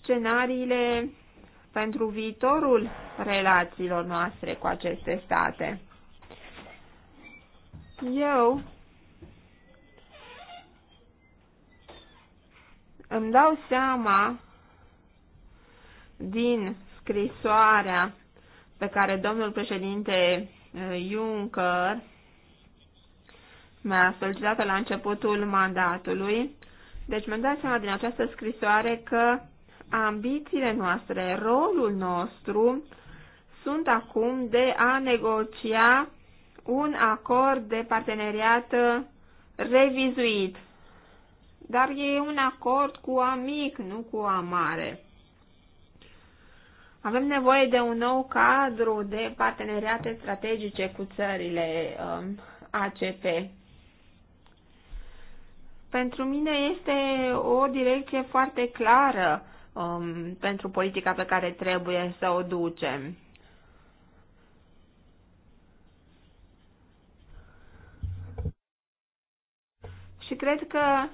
scenariile pentru viitorul relațiilor noastre cu aceste state. Eu îmi dau seama din scrisoarea pe care domnul președinte eh, Juncker mi-a solicitat la începutul mandatului. Deci mi-am dat seama din această scrisoare că ambițiile noastre, rolul nostru, sunt acum de a negocia un acord de parteneriat revizuit. Dar e un acord cu A mic, nu cu A mare. Avem nevoie de un nou cadru de parteneriate strategice cu țările um, ACP. Pentru mine este o direcție foarte clară um, pentru politica pe care trebuie să o ducem. Și cred că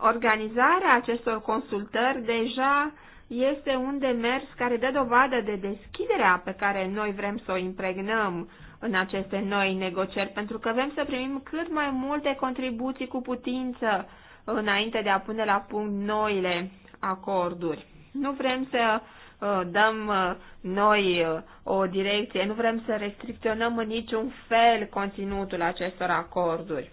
organizarea acestor consultări deja este un demers care dă dovadă de deschiderea pe care noi vrem să o impregnăm în aceste noi negocieri, pentru că vrem să primim cât mai multe contribuții cu putință înainte de a pune la punct noile acorduri. Nu vrem să uh, dăm uh, noi uh, o direcție, nu vrem să restricționăm în niciun fel conținutul acestor acorduri.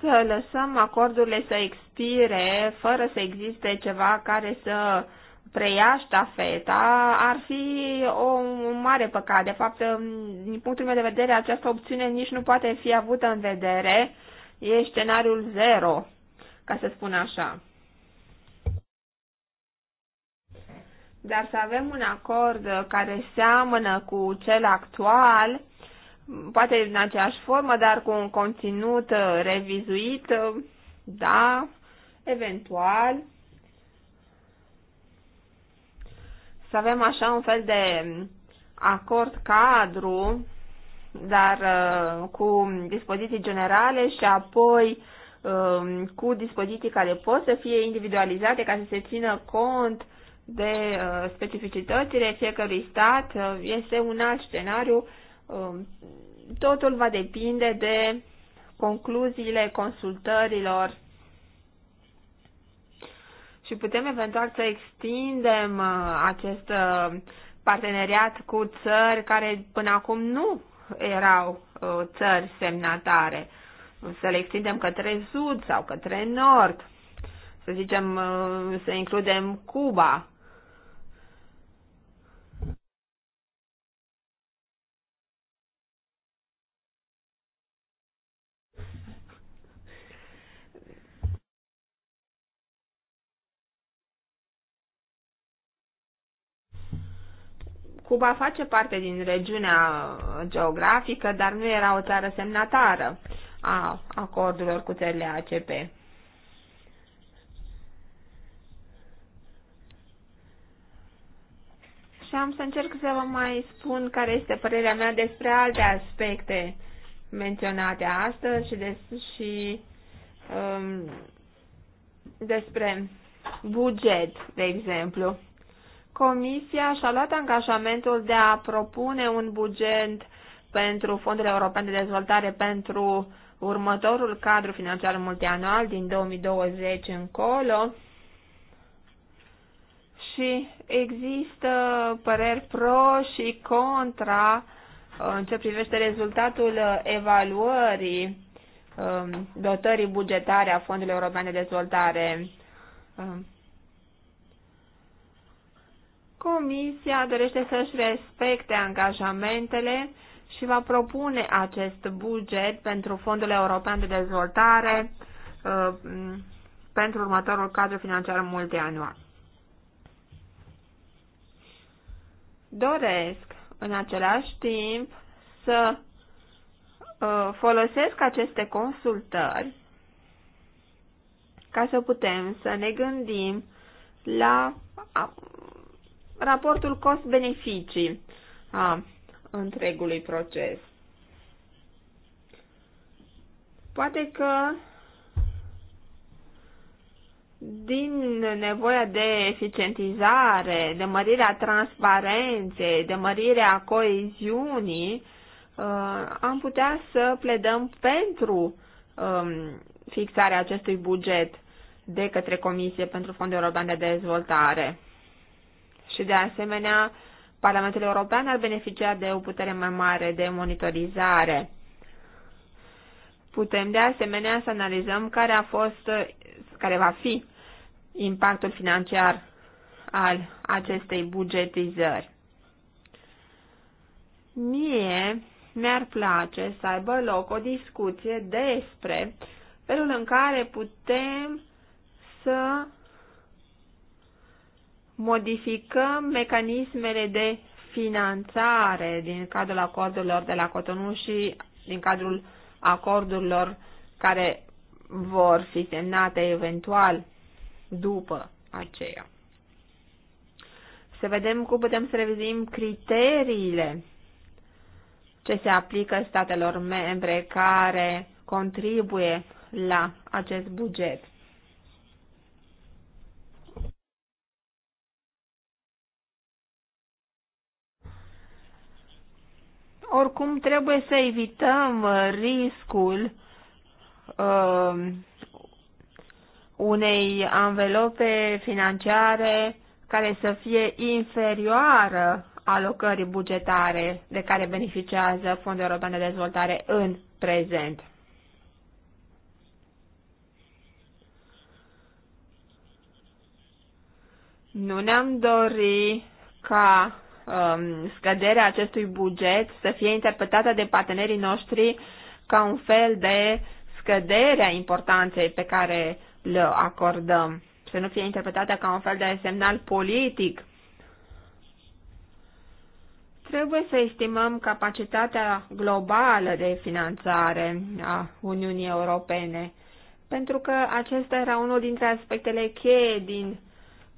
să lăsăm acordurile să expire fără să existe ceva care să preia ștafeta ar fi o mare păcat. De fapt, din punctul meu de vedere, această opțiune nici nu poate fi avută în vedere. E scenariul zero, ca să spun așa. Dar să avem un acord care seamănă cu cel actual, poate în aceeași formă, dar cu un conținut uh, revizuit, uh, da, eventual. Să avem așa un fel de acord cadru, dar uh, cu dispoziții generale și apoi um, cu dispoziții care pot să fie individualizate ca să se țină cont de specificitățile fiecărui stat, este un alt scenariu Um, totul va depinde de concluziile consultărilor și putem eventual să extindem uh, acest uh, parteneriat cu țări care până acum nu erau uh, țări semnatare. Să le extindem către sud sau către nord. Să zicem, să includem Cuba Cuba face parte din regiunea geografică, dar nu era o țară semnatară a acordurilor cu țările ACP. Și am să încerc să vă mai spun care este părerea mea despre alte aspecte menționate astăzi și, des, și um, despre buget, de exemplu. Comisia și-a luat angajamentul de a propune un buget pentru Fondul European de Dezvoltare pentru următorul cadru financiar multianual din 2020 încolo și există păreri pro și contra uh, în ce privește rezultatul evaluării um, dotării bugetare a Fondului European de Dezvoltare um, Comisia dorește să-și respecte angajamentele și va propune acest buget pentru Fondul European de Dezvoltare uh, pentru următorul cadru financiar multianual. Doresc în același timp să uh, folosesc aceste consultări ca să putem să ne gândim la uh, raportul cost-beneficii a întregului proces. Poate că din nevoia de eficientizare, de mărirea transparenței, de mărirea coeziunii, uh, am putea să pledăm pentru um, fixarea acestui buget de către Comisie pentru Fondul European de Dezvoltare. Și de asemenea, Parlamentul European ar beneficia de o putere mai mare de monitorizare. Putem de asemenea să analizăm care a fost, care va fi impactul financiar al acestei bugetizări. Mie mi-ar place să aibă loc o discuție despre felul în care putem să modificăm mecanismele de finanțare din cadrul acordurilor de la Cotonou și din cadrul acordurilor care vor fi semnate eventual după aceea. Să vedem cum putem să revizim criteriile ce se aplică statelor membre care contribuie la acest buget. Oricum, trebuie să evităm uh, riscul uh, unei anvelope financiare care să fie inferioară alocării bugetare de care beneficiază Fondul European de Dezvoltare în prezent. Nu ne-am dorit ca Um, scăderea acestui buget să fie interpretată de partenerii noștri ca un fel de scădere a importanței pe care le acordăm, să nu fie interpretată ca un fel de semnal politic. Trebuie să estimăm capacitatea globală de finanțare a Uniunii Europene, pentru că acesta era unul dintre aspectele cheie din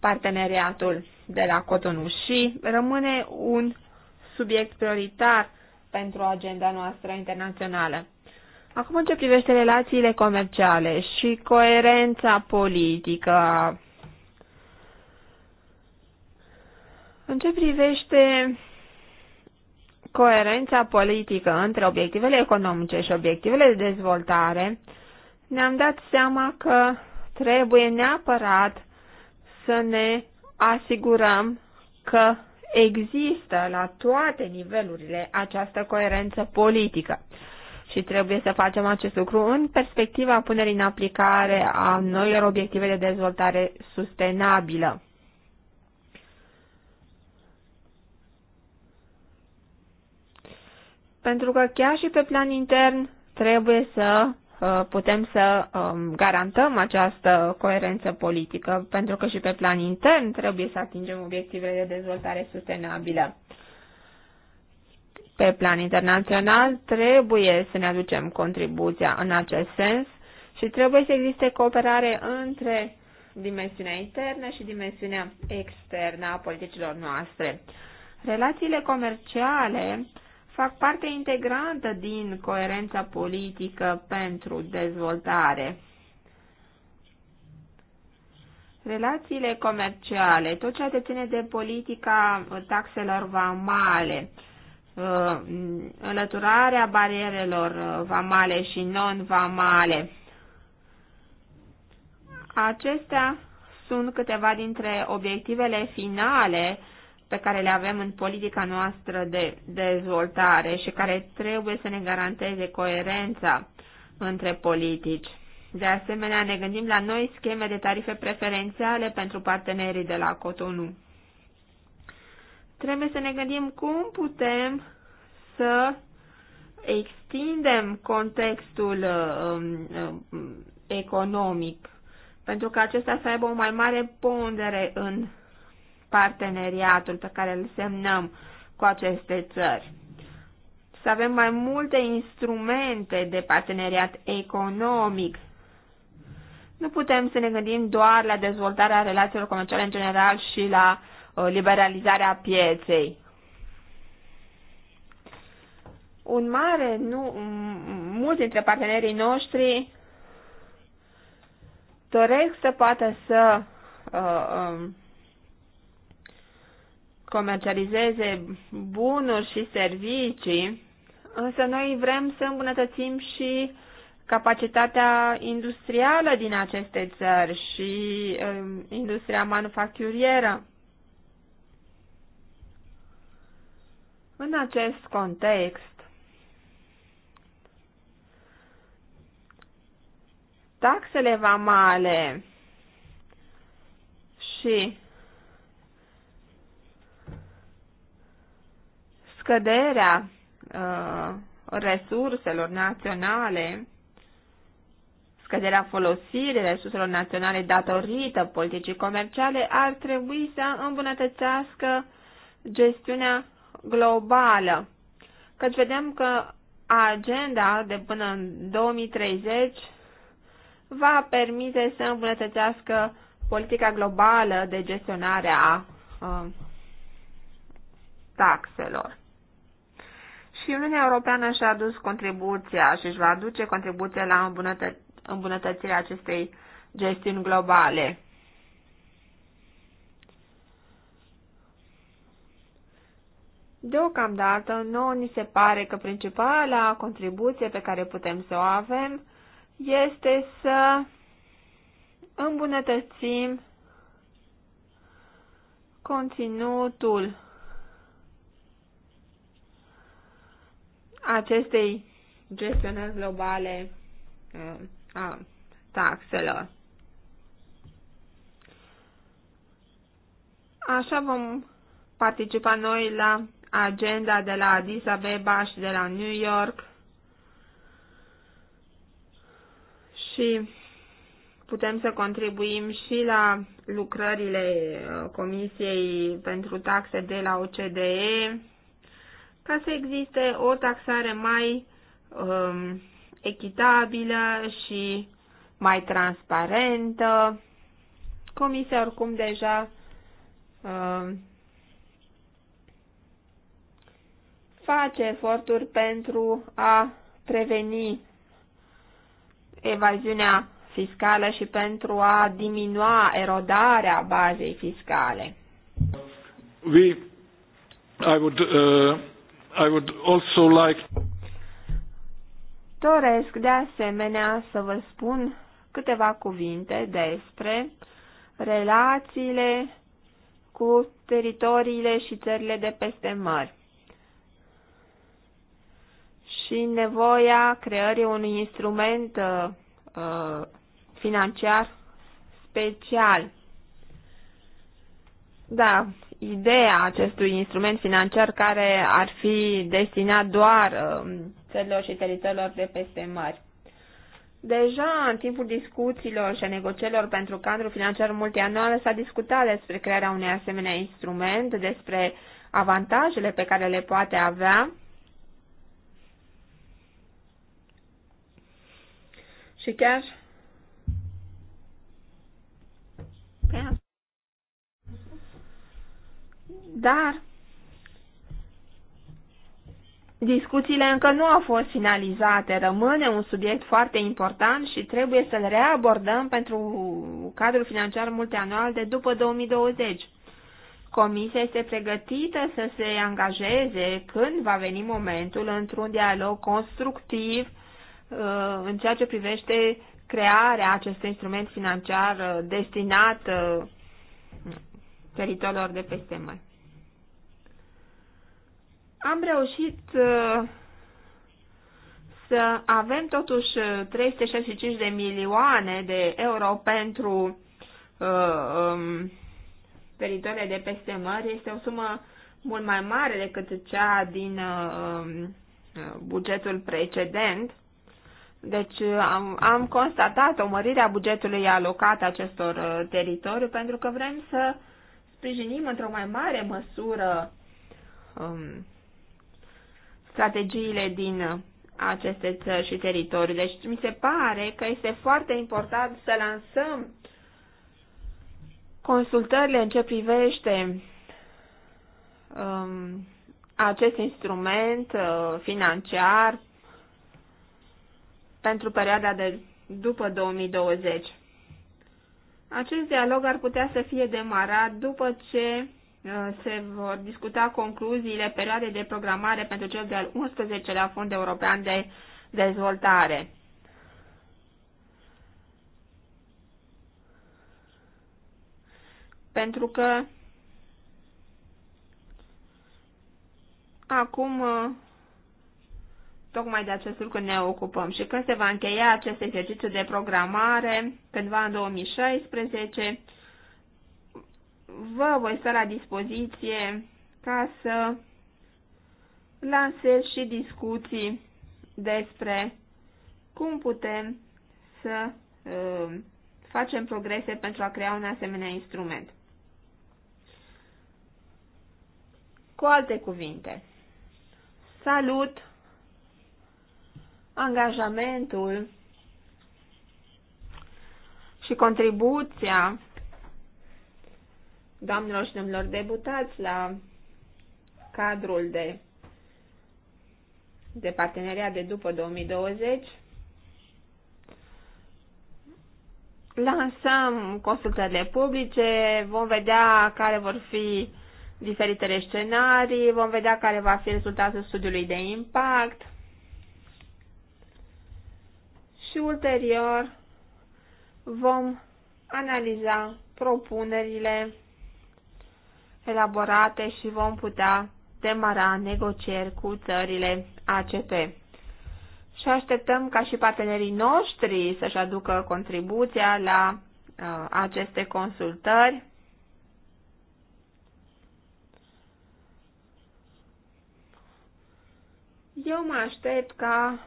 parteneriatul de la Cotonou și rămâne un subiect prioritar pentru agenda noastră internațională. Acum în ce privește relațiile comerciale și coerența politică, în ce privește coerența politică între obiectivele economice și obiectivele de dezvoltare, ne-am dat seama că trebuie neapărat să ne asigurăm că există la toate nivelurile această coerență politică. Și trebuie să facem acest lucru în perspectiva punerii în aplicare a noilor obiective de dezvoltare sustenabilă. Pentru că chiar și pe plan intern trebuie să Uh, putem să um, garantăm această coerență politică, pentru că și pe plan intern trebuie să atingem obiectivele de dezvoltare sustenabilă. Pe plan internațional trebuie să ne aducem contribuția în acest sens și trebuie să existe cooperare între dimensiunea internă și dimensiunea externă a politicilor noastre. Relațiile comerciale uh, fac parte integrantă din coerența politică pentru dezvoltare. Relațiile comerciale, tot ceea ce ține de politica taxelor vamale, uh, înlăturarea barierelor vamale și non-vamale. Acestea sunt câteva dintre obiectivele finale pe care le avem în politica noastră de dezvoltare și care trebuie să ne garanteze coerența între politici. De asemenea, ne gândim la noi scheme de tarife preferențiale pentru partenerii de la Cotonou. Trebuie să ne gândim cum putem să extindem contextul um, um, economic pentru că acesta să aibă o mai mare pondere în parteneriatul pe care îl semnăm cu aceste țări. Să avem mai multe instrumente de parteneriat economic. Nu putem să ne gândim doar la dezvoltarea relațiilor comerciale în general și la uh, liberalizarea pieței. Un mare, nu, mulți dintre partenerii noștri doresc să poată să uh, um, comercializeze bunuri și servicii, însă noi vrem să îmbunătățim și capacitatea industrială din aceste țări și uh, industria manufacturieră. În acest context, taxele vamale și scăderea uh, resurselor naționale, scăderea folosirii resurselor naționale datorită politicii comerciale ar trebui să îmbunătățească gestiunea globală. Căci vedem că agenda de până în 2030 va permite să îmbunătățească politica globală de gestionare a uh, taxelor și Uniunea Europeană și-a adus contribuția și își va aduce contribuția la îmbunătă îmbunătățirea acestei gestiuni globale. Deocamdată, nouă ni se pare că principala contribuție pe care putem să o avem este să îmbunătățim conținutul acestei gestionări globale uh, a taxelor. Așa vom participa noi la agenda de la Addis Abeba și de la New York și putem să contribuim și la lucrările uh, Comisiei pentru Taxe de la OCDE ca să existe o taxare mai um, echitabilă și mai transparentă. Comisia oricum deja um, face eforturi pentru a preveni evaziunea fiscală și pentru a diminua erodarea bazei fiscale. We, I would, uh... I would also like... Doresc de asemenea să vă spun câteva cuvinte despre relațiile cu teritoriile și țările de peste mări și nevoia creării unui instrument uh, uh financiar special. Da, ideea acestui instrument financiar care ar fi destinat doar um, țărilor și teritoriilor de peste mări. Deja în timpul discuțiilor și negocierilor pentru cadrul financiar multianual s-a discutat despre crearea unui asemenea instrument, despre avantajele pe care le poate avea și chiar pe dar discuțiile încă nu au fost finalizate. Rămâne un subiect foarte important și trebuie să-l reabordăm pentru cadrul financiar multianual de după 2020. Comisia este pregătită să se angajeze când va veni momentul într-un dialog constructiv uh, în ceea ce privește crearea acestui instrument financiar uh, destinat uh, teritoriilor de peste mări. Am reușit uh, să avem totuși 365 uh, de milioane de euro pentru uh, um, teritoriile de peste mări. Este o sumă mult mai mare decât cea din um, bugetul precedent. Deci am, am constatat o mărire a bugetului alocat acestor teritorii pentru că vrem să sprijinim într-o mai mare măsură um, strategiile din uh, aceste țări și teritorii. Deci mi se pare că este foarte important să lansăm consultările în ce privește um, acest instrument uh, financiar pentru perioada de după 2020. Acest dialog ar putea să fie demarat după ce Uh, se vor discuta concluziile perioadei de programare pentru cel de-al 11-lea Fond European de Dezvoltare. Pentru că acum uh, tocmai de acest lucru ne ocupăm și când se va încheia acest exercițiu de programare, cândva în 2016, vă voi sta la dispoziție ca să lansez și discuții despre cum putem să uh, facem progrese pentru a crea un asemenea instrument. Cu alte cuvinte, salut angajamentul și contribuția doamnelor și domnilor debutați la cadrul de, de parteneriat de după 2020. Lansăm consultările publice, vom vedea care vor fi diferitele scenarii, vom vedea care va fi rezultatul studiului de impact și ulterior vom analiza propunerile elaborate și vom putea demara negocieri cu țările ACP. Și așteptăm ca și partenerii noștri să-și aducă contribuția la uh, aceste consultări. Eu mă aștept ca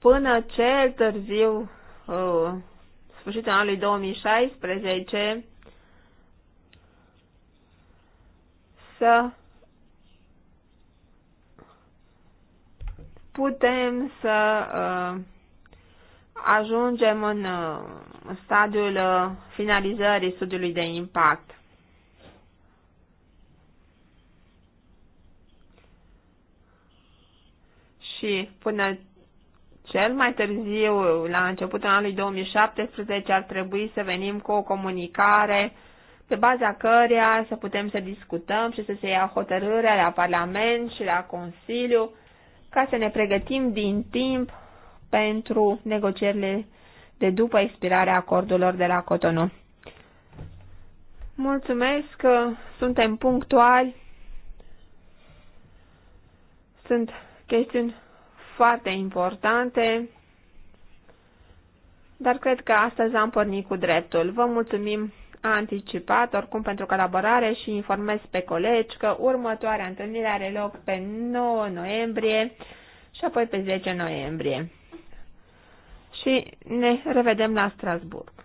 până cel târziu, uh, sfârșitul anului 2016, să putem să uh, ajungem în uh, stadiul uh, finalizării studiului de impact. Și până cel mai târziu, la începutul anului 2017, ar trebui să venim cu o comunicare uh, pe baza căreia să putem să discutăm și să se ia hotărârea la Parlament și la Consiliu, ca să ne pregătim din timp pentru negocierile de după expirarea acordurilor de la Cotonou. Mulțumesc că suntem punctuali. Sunt chestiuni foarte importante, dar cred că astăzi am pornit cu dreptul. Vă mulțumim anticipat, oricum pentru colaborare și informez pe colegi că următoarea întâlnire are loc pe 9 noiembrie și apoi pe 10 noiembrie. Și ne revedem la Strasburg.